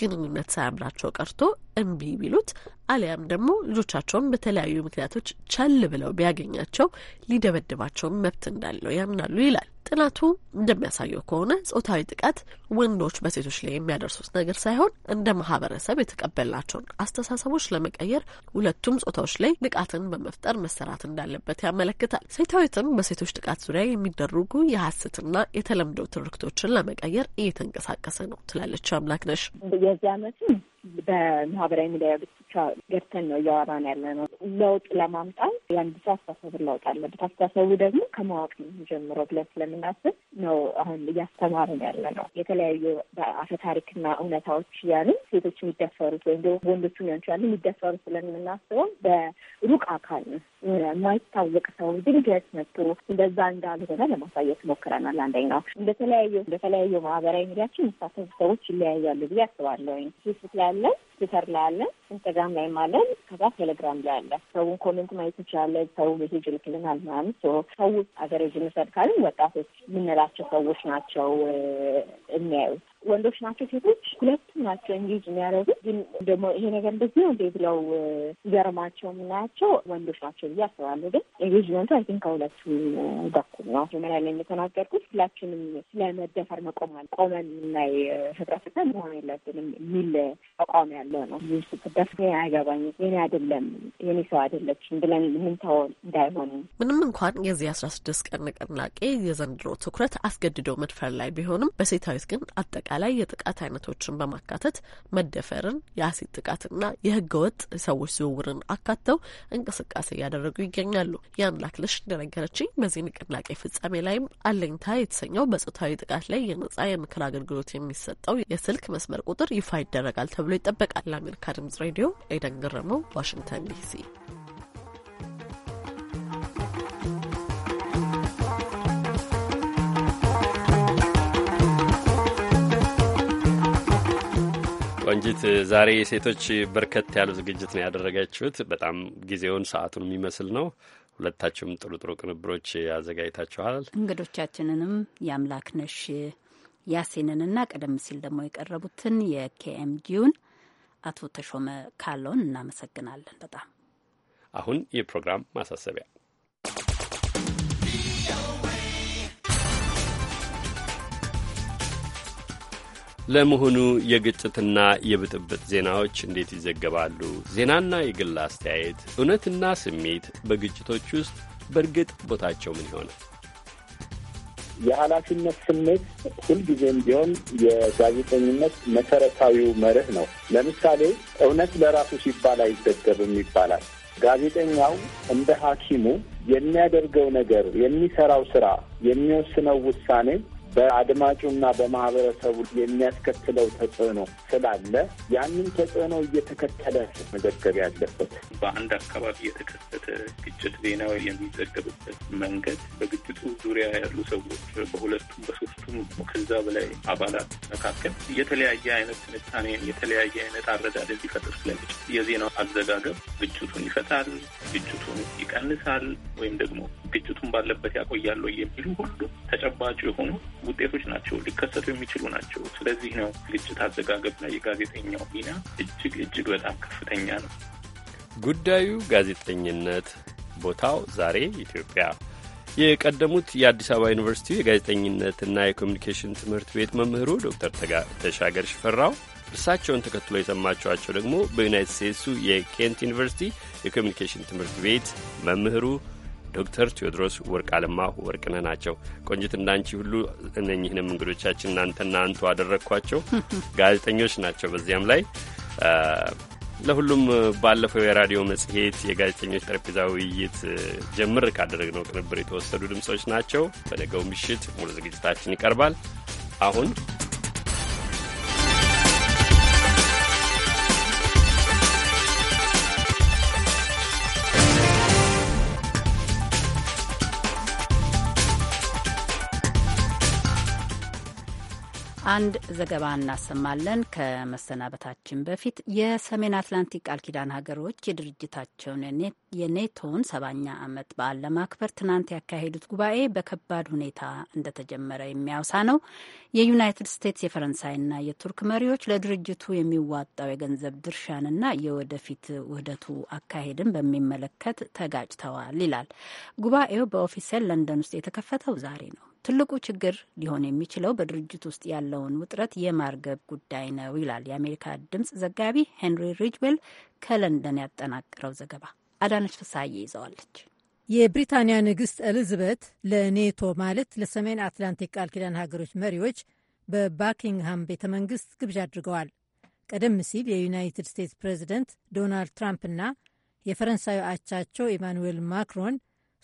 ግንኙነት ሳያምራቸው ቀርቶ እምቢ ቢሉት አሊያም ደግሞ ልጆቻቸውን በተለያዩ ምክንያቶች ቸል ብለው ቢያገኛቸው ሊደበድባቸውን መብት እንዳለው ያምናሉ ይላል። ጥናቱ እንደሚያሳየው ከሆነ ጾታዊ ጥቃት ወንዶች በሴቶች ላይ የሚያደርሱት ነገር ሳይሆን እንደ ማህበረሰብ የተቀበልናቸውን አስተሳሰቦች ለመቀየር ሁለቱም ጾታዎች ላይ ንቃትን በመፍጠር መሰራት እንዳለበት ያመለክታል። ሴታዊትም በሴቶች ጥቃት ዙሪያ የሚደረጉ የሀሰትና የተለምዶ ትርክቶችን ለመቀየር እየተንቀሳቀሰ ነው ትላለች ነሽ የዚህ አመትም በማህበራዊ ሚዲያ ብቻ ገብተን ነው እያወራን ያለ ነው። ለውጥ ለማምጣት የአንድ ሰው አስተሳሰብ ለውጥ አለበት። አስተሳሰቡ ደግሞ ከማወቅ ጀምሮ ብለን ስለምናስብ ነው አሁን እያስተማርን ያለ ነው። የተለያዩ በአፈ ታሪክና እውነታዎች እያሉ ሴቶች የሚደፈሩት ወይም ደግሞ ወንዶቹ ሊሆን ይችላሉ የሚደፈሩት ስለምናስበው በሩቅ አካል የሆነ የማይታወቅ ሰው ድንገት መጥቶ እንደዛ እንዳልሆነ ለማሳየት ሞክረናል። አንደኛው እንደተለያዩ እንደተለያዩ ማህበራዊ ሚዲያችን የሚሳተፉ ሰዎች ይለያያሉ ብዬ አስባለሁ። ፌስቡክ ላይ አለን፣ ትዊተር ላይ አለን፣ ኢንስታግራም ላይም አለን፣ ከዛ ቴሌግራም ላይ አለን። ሰውን ኮሜንት ማየት ይችላለን። ሰው ሜሴጅ ልክልናል ምናምን። ሰው አገሬጅ እንውሰድ ወጣቶች የምንላቸው ሰዎች ናቸው የሚያዩት ወንዶች ናቸው ሴቶች ሁለቱም ናቸው እንግሊዝ የሚያደርጉት። ግን ደግሞ ይሄ ነገር እንደዚህ ነው እንዴ ብለው ገርማቸው የምናያቸው ወንዶች ናቸው ብዬ አስባለሁ። ግን ኤንጌጅመንቱ አይ ቲንክ ከሁለቱ በኩል ነው። መጀመሪያ ላይ የተናገርኩት ሁላችንም ስለመደፈር መቆማል ቆመን የምናይ ህብረተሰብ መሆን የለብንም የሚል አቋም ያለው ነው። ይህ ስትደፍ አይገባኝ፣ የኔ አይደለም፣ የኔ ሰው አይደለችም ብለን የምንተወው እንዳይሆን ምንም እንኳን የዚህ አስራ ስድስት ቀን ንቅናቄ የዘንድሮ ትኩረት አስገድደው መድፈር ላይ ቢሆንም በሴታዊት ግን አጠቃ አጠቃላይ የጥቃት አይነቶችን በማካተት መደፈርን፣ የአሲድ ጥቃትና የህገወጥ ሰዎች ዝውውርን አካተው እንቅስቃሴ እያደረጉ ይገኛሉ። ልሽ እንደነገረችኝ በዚህ ንቅናቄ ፍጻሜ ላይም አለኝታ የተሰኘው በጾታዊ ጥቃት ላይ የነጻ የምክር አገልግሎት የሚሰጠው የስልክ መስመር ቁጥር ይፋ ይደረጋል ተብሎ ይጠበቃል። ለአሜሪካ ድምጽ ሬዲዮ ኤደን ገረመው፣ ዋሽንግተን ዲሲ ቆንጂት ዛሬ የሴቶች በርከት ያሉ ዝግጅት ነው ያደረጋችሁት። በጣም ጊዜውን ሰዓቱን የሚመስል ነው። ሁለታችሁም ጥሩ ጥሩ ቅንብሮች አዘጋጅታችኋል። እንግዶቻችንንም የአምላክ ነሽ ያሴንንና ቀደም ሲል ደግሞ የቀረቡትን የኬኤምጂውን አቶ ተሾመ ካለውን እናመሰግናለን። በጣም አሁን የፕሮግራም ማሳሰቢያ ለመሆኑ የግጭትና የብጥብጥ ዜናዎች እንዴት ይዘገባሉ? ዜናና የግል አስተያየት፣ እውነትና ስሜት በግጭቶች ውስጥ በእርግጥ ቦታቸው ምን ይሆነ? የኃላፊነት ስሜት ሁልጊዜም ቢሆን የጋዜጠኝነት መሰረታዊው መርህ ነው። ለምሳሌ እውነት ለራሱ ሲባል አይዘገብም ይባላል። ጋዜጠኛው እንደ ሐኪሙ የሚያደርገው ነገር፣ የሚሰራው ስራ፣ የሚወስነው ውሳኔ በአድማጩና በማህበረሰቡ የሚያስከትለው ተጽዕኖ ስላለ ያንን ተጽዕኖ እየተከተለ መዘገብ ያለበት። በአንድ አካባቢ የተከሰተ ግጭት ዜና የሚዘገብበት መንገድ በግጭቱ ዙሪያ ያሉ ሰዎች በሁለቱም በሶስቱም ከዛ በላይ አባላት መካከል የተለያየ አይነት ትንታኔ፣ የተለያየ አይነት አረዳደር ሊፈጥር ስለግጭት የዜናው አዘጋገብ ግጭቱን ይፈታል፣ ግጭቱን ይቀንሳል፣ ወይም ደግሞ ግጭቱን ባለበት ያቆያል የሚሉ ሁሉ ተጨባጭ የሆኑ ውጤቶች ናቸው፣ ሊከሰቱ የሚችሉ ናቸው። ስለዚህ ነው ግጭት አዘጋገብ ላይ የጋዜጠኛው ሚና እጅግ እጅግ በጣም ከፍተኛ ነው። ጉዳዩ ጋዜጠኝነት ቦታው ዛሬ ኢትዮጵያ የቀደሙት የአዲስ አበባ ዩኒቨርሲቲ የጋዜጠኝነትና የኮሚኒኬሽን ትምህርት ቤት መምህሩ ዶክተር ተሻገር ሽፈራው እርሳቸውን ተከትሎ የሰማችኋቸው ደግሞ በዩናይትድ ስቴትሱ የኬንት ዩኒቨርሲቲ የኮሚኒኬሽን ትምህርት ቤት መምህሩ ዶክተር ቴዎድሮስ ወርቅ ወርቅነ ናቸው። ቆንጅት እንዳንቺ ሁሉ እነኚህንም እንግዶቻችን እናንተና አንቱ አደረግኳቸው። ጋዜጠኞች ናቸው። በዚያም ላይ ለሁሉም ባለፈው የራዲዮ መጽሔት የጋዜጠኞች ጠረጴዛ ውይይት ጀምር ካደረግነው ቅንብር የተወሰዱ ድምጾች ናቸው። በነገው ምሽት ሙሉ ዝግጅታችን ይቀርባል። አሁን አንድ ዘገባ እናሰማለን። ከመሰናበታችን በፊት የሰሜን አትላንቲክ ቃል ኪዳን ሀገሮች የድርጅታቸውን የኔቶን ሰባኛ ዓመት በዓል ለማክበር ትናንት ያካሄዱት ጉባኤ በከባድ ሁኔታ እንደተጀመረ የሚያውሳ ነው። የዩናይትድ ስቴትስ የፈረንሳይና የቱርክ መሪዎች ለድርጅቱ የሚዋጣው የገንዘብ ድርሻንና የወደፊት ውህደቱ አካሄድን በሚመለከት ተጋጭተዋል ይላል ጉባኤው። በኦፊሴል ለንደን ውስጥ የተከፈተው ዛሬ ነው። ትልቁ ችግር ሊሆን የሚችለው በድርጅት ውስጥ ያለውን ውጥረት የማርገብ ጉዳይ ነው ይላል የአሜሪካ ድምጽ ዘጋቢ ሄንሪ ሪጅዌል ከለንደን ያጠናቀረው ዘገባ። አዳነች ፍሳዬ ይዘዋለች። የብሪታንያ ንግሥት ኤልዝበት ለኔቶ ማለት ለሰሜን አትላንቲክ ቃል ኪዳን ሀገሮች መሪዎች በባኪንግሃም ቤተ መንግሥት ግብዣ አድርገዋል። ቀደም ሲል የዩናይትድ ስቴትስ ፕሬዚደንት ዶናልድ ትራምፕና የፈረንሳዩ አቻቸው ኢማኑዌል ማክሮን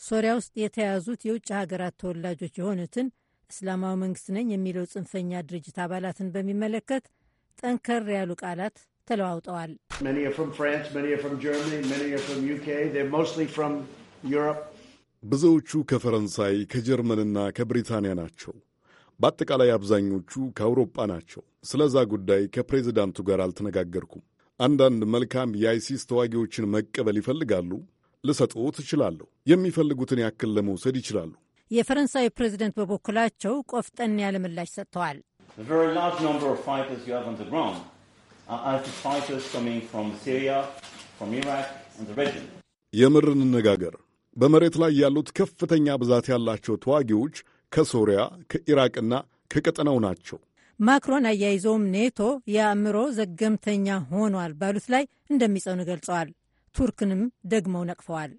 ሶሪያ ውስጥ የተያዙት የውጭ ሀገራት ተወላጆች የሆኑትን እስላማዊ መንግስት ነኝ የሚለው ጽንፈኛ ድርጅት አባላትን በሚመለከት ጠንከር ያሉ ቃላት ተለዋውጠዋል። ብዙዎቹ ከፈረንሳይ ከጀርመንና ከብሪታንያ ናቸው። በአጠቃላይ አብዛኞቹ ከአውሮጳ ናቸው። ስለዛ ጉዳይ ከፕሬዚዳንቱ ጋር አልተነጋገርኩም። አንዳንድ መልካም የአይሲስ ተዋጊዎችን መቀበል ይፈልጋሉ። ልሰጡ ትችላለሁ። የሚፈልጉትን ያክል ለመውሰድ ይችላሉ። የፈረንሳይ ፕሬዚደንት በበኩላቸው ቆፍጠን ያለ ምላሽ ሰጥተዋል። የምር እንነጋገር። በመሬት ላይ ያሉት ከፍተኛ ብዛት ያላቸው ተዋጊዎች ከሶሪያ ከኢራቅና ከቀጠናው ናቸው። ማክሮን አያይዘውም ኔቶ የአእምሮ ዘገምተኛ ሆኗል ባሉት ላይ እንደሚጸኑ ገልጸዋል። ቱርክንም ደግመው ነቅፈዋል።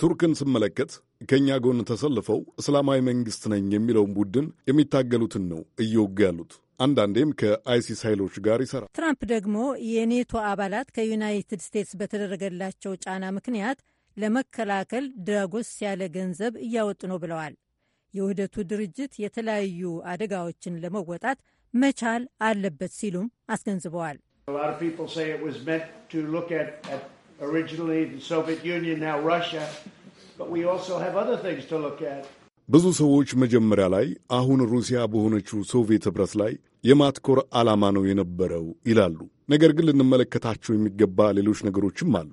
ቱርክን ስመለከት ከእኛ ጎን ተሰልፈው እስላማዊ መንግሥት ነኝ የሚለውን ቡድን የሚታገሉትን ነው እየወጉ ያሉት። አንዳንዴም ከአይሲስ ኃይሎች ጋር ይሠራል። ትራምፕ ደግሞ የኔቶ አባላት ከዩናይትድ ስቴትስ በተደረገላቸው ጫና ምክንያት ለመከላከል ዳጎስ ያለ ገንዘብ እያወጡ ነው ብለዋል። የውህደቱ ድርጅት የተለያዩ አደጋዎችን ለመወጣት መቻል አለበት ሲሉም አስገንዝበዋል። ብዙ ሰዎች መጀመሪያ ላይ አሁን ሩሲያ በሆነችው ሶቪየት ኅብረት ላይ የማትኮር ዓላማ ነው የነበረው ይላሉ። ነገር ግን ልንመለከታቸው የሚገባ ሌሎች ነገሮችም አሉ።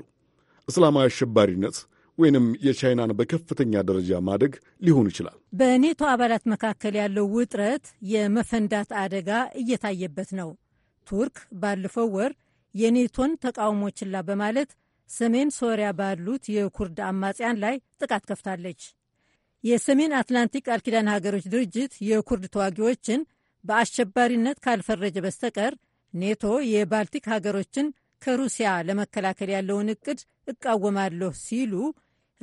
እስላማዊ አሸባሪነት ወይንም የቻይናን በከፍተኛ ደረጃ ማደግ ሊሆን ይችላል። በኔቶ አባላት መካከል ያለው ውጥረት የመፈንዳት አደጋ እየታየበት ነው። ቱርክ ባለፈው ወር የኔቶን ተቃውሞ ችላ በማለት ሰሜን ሶሪያ ባሉት የኩርድ አማጽያን ላይ ጥቃት ከፍታለች። የሰሜን አትላንቲክ ቃል ኪዳን ሀገሮች ድርጅት የኩርድ ተዋጊዎችን በአሸባሪነት ካልፈረጀ በስተቀር ኔቶ የባልቲክ ሀገሮችን ከሩሲያ ለመከላከል ያለውን እቅድ እቃወማለሁ ሲሉ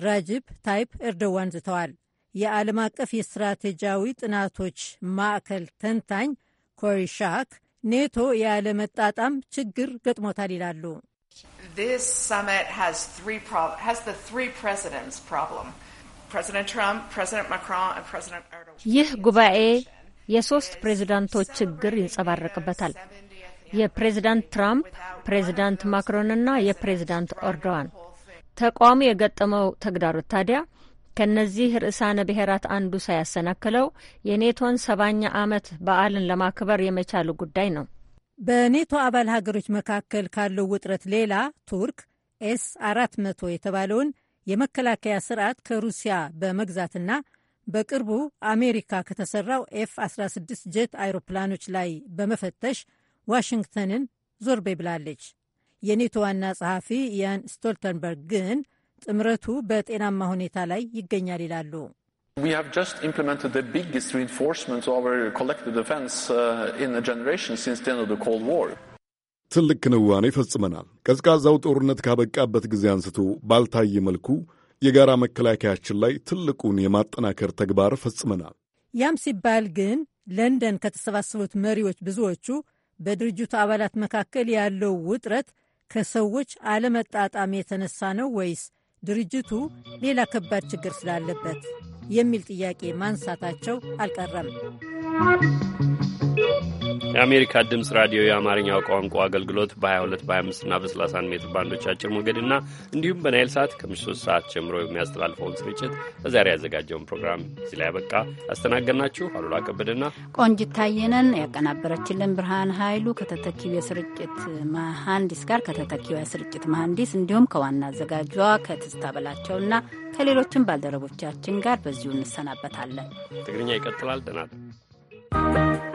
ራጅብ ታይፕ ኤርዶዋን ዝተዋል። የዓለም አቀፍ የስትራቴጂያዊ ጥናቶች ማዕከል ተንታኝ ኮሪ ሻክ ኔቶ ያለመጣጣም ችግር ገጥሞታል ይላሉ። ይህ ጉባኤ የሶስት ፕሬዝዳንቶች ችግር ይንጸባረቅበታል። የፕሬዝዳንት ትራምፕ፣ ፕሬዝዳንት ማክሮንና የፕሬዝዳንት ኤርዶዋን ተቋሙ የገጠመው ተግዳሮት ታዲያ ከእነዚህ ርዕሳነ ብሔራት አንዱ ሳያሰናክለው የኔቶን ሰባኛ ዓመት በዓልን ለማክበር የመቻሉ ጉዳይ ነው። በኔቶ አባል ሀገሮች መካከል ካለው ውጥረት ሌላ ቱርክ ኤስ አራት መቶ የተባለውን የመከላከያ ስርዓት ከሩሲያ በመግዛትና በቅርቡ አሜሪካ ከተሰራው ኤፍ 16 ጀት አይሮፕላኖች ላይ በመፈተሽ ዋሽንግተንን ዞር ብላለች። የኔቶ ዋና ጸሐፊ ያን ስቶልተንበርግ ግን ጥምረቱ በጤናማ ሁኔታ ላይ ይገኛል ይላሉ። uh, ትልቅ ክንዋኔ ፈጽመናል። ቀዝቃዛው ጦርነት ካበቃበት ጊዜ አንስቶ ባልታየ መልኩ የጋራ መከላከያችን ላይ ትልቁን የማጠናከር ተግባር ፈጽመናል። ያም ሲባል ግን ለንደን ከተሰባሰቡት መሪዎች ብዙዎቹ በድርጅቱ አባላት መካከል ያለው ውጥረት ከሰዎች አለመጣጣም የተነሳ ነው ወይስ ድርጅቱ ሌላ ከባድ ችግር ስላለበት የሚል ጥያቄ ማንሳታቸው አልቀረም። የአሜሪካ ድምፅ ራዲዮ የአማርኛው ቋንቋ አገልግሎት በ22 በ25 እና በ31 ሜትር ባንዶች አጭር ሞገድና እንዲሁም በናይል ሰዓት ከምሽቱ 3 ሰዓት ጀምሮ የሚያስተላልፈውን ስርጭት በዛሬ ያዘጋጀውን ፕሮግራም እዚህ ላይ ያበቃ። ያስተናገድናችሁ አሉላ ከበደና ቆንጂት ታየ ያቀናበረችልን ብርሃን ኃይሉ ከተተኪው የስርጭት መሐንዲስ ጋር ከተተኪው የስርጭት መሐንዲስ እንዲሁም ከዋና አዘጋጇ ከትዝታ በላቸውና ከሌሎችም ባልደረቦቻችን ጋር በዚሁ እንሰናበታለን። ትግርኛ ይቀጥላል። ደህና እደሩ።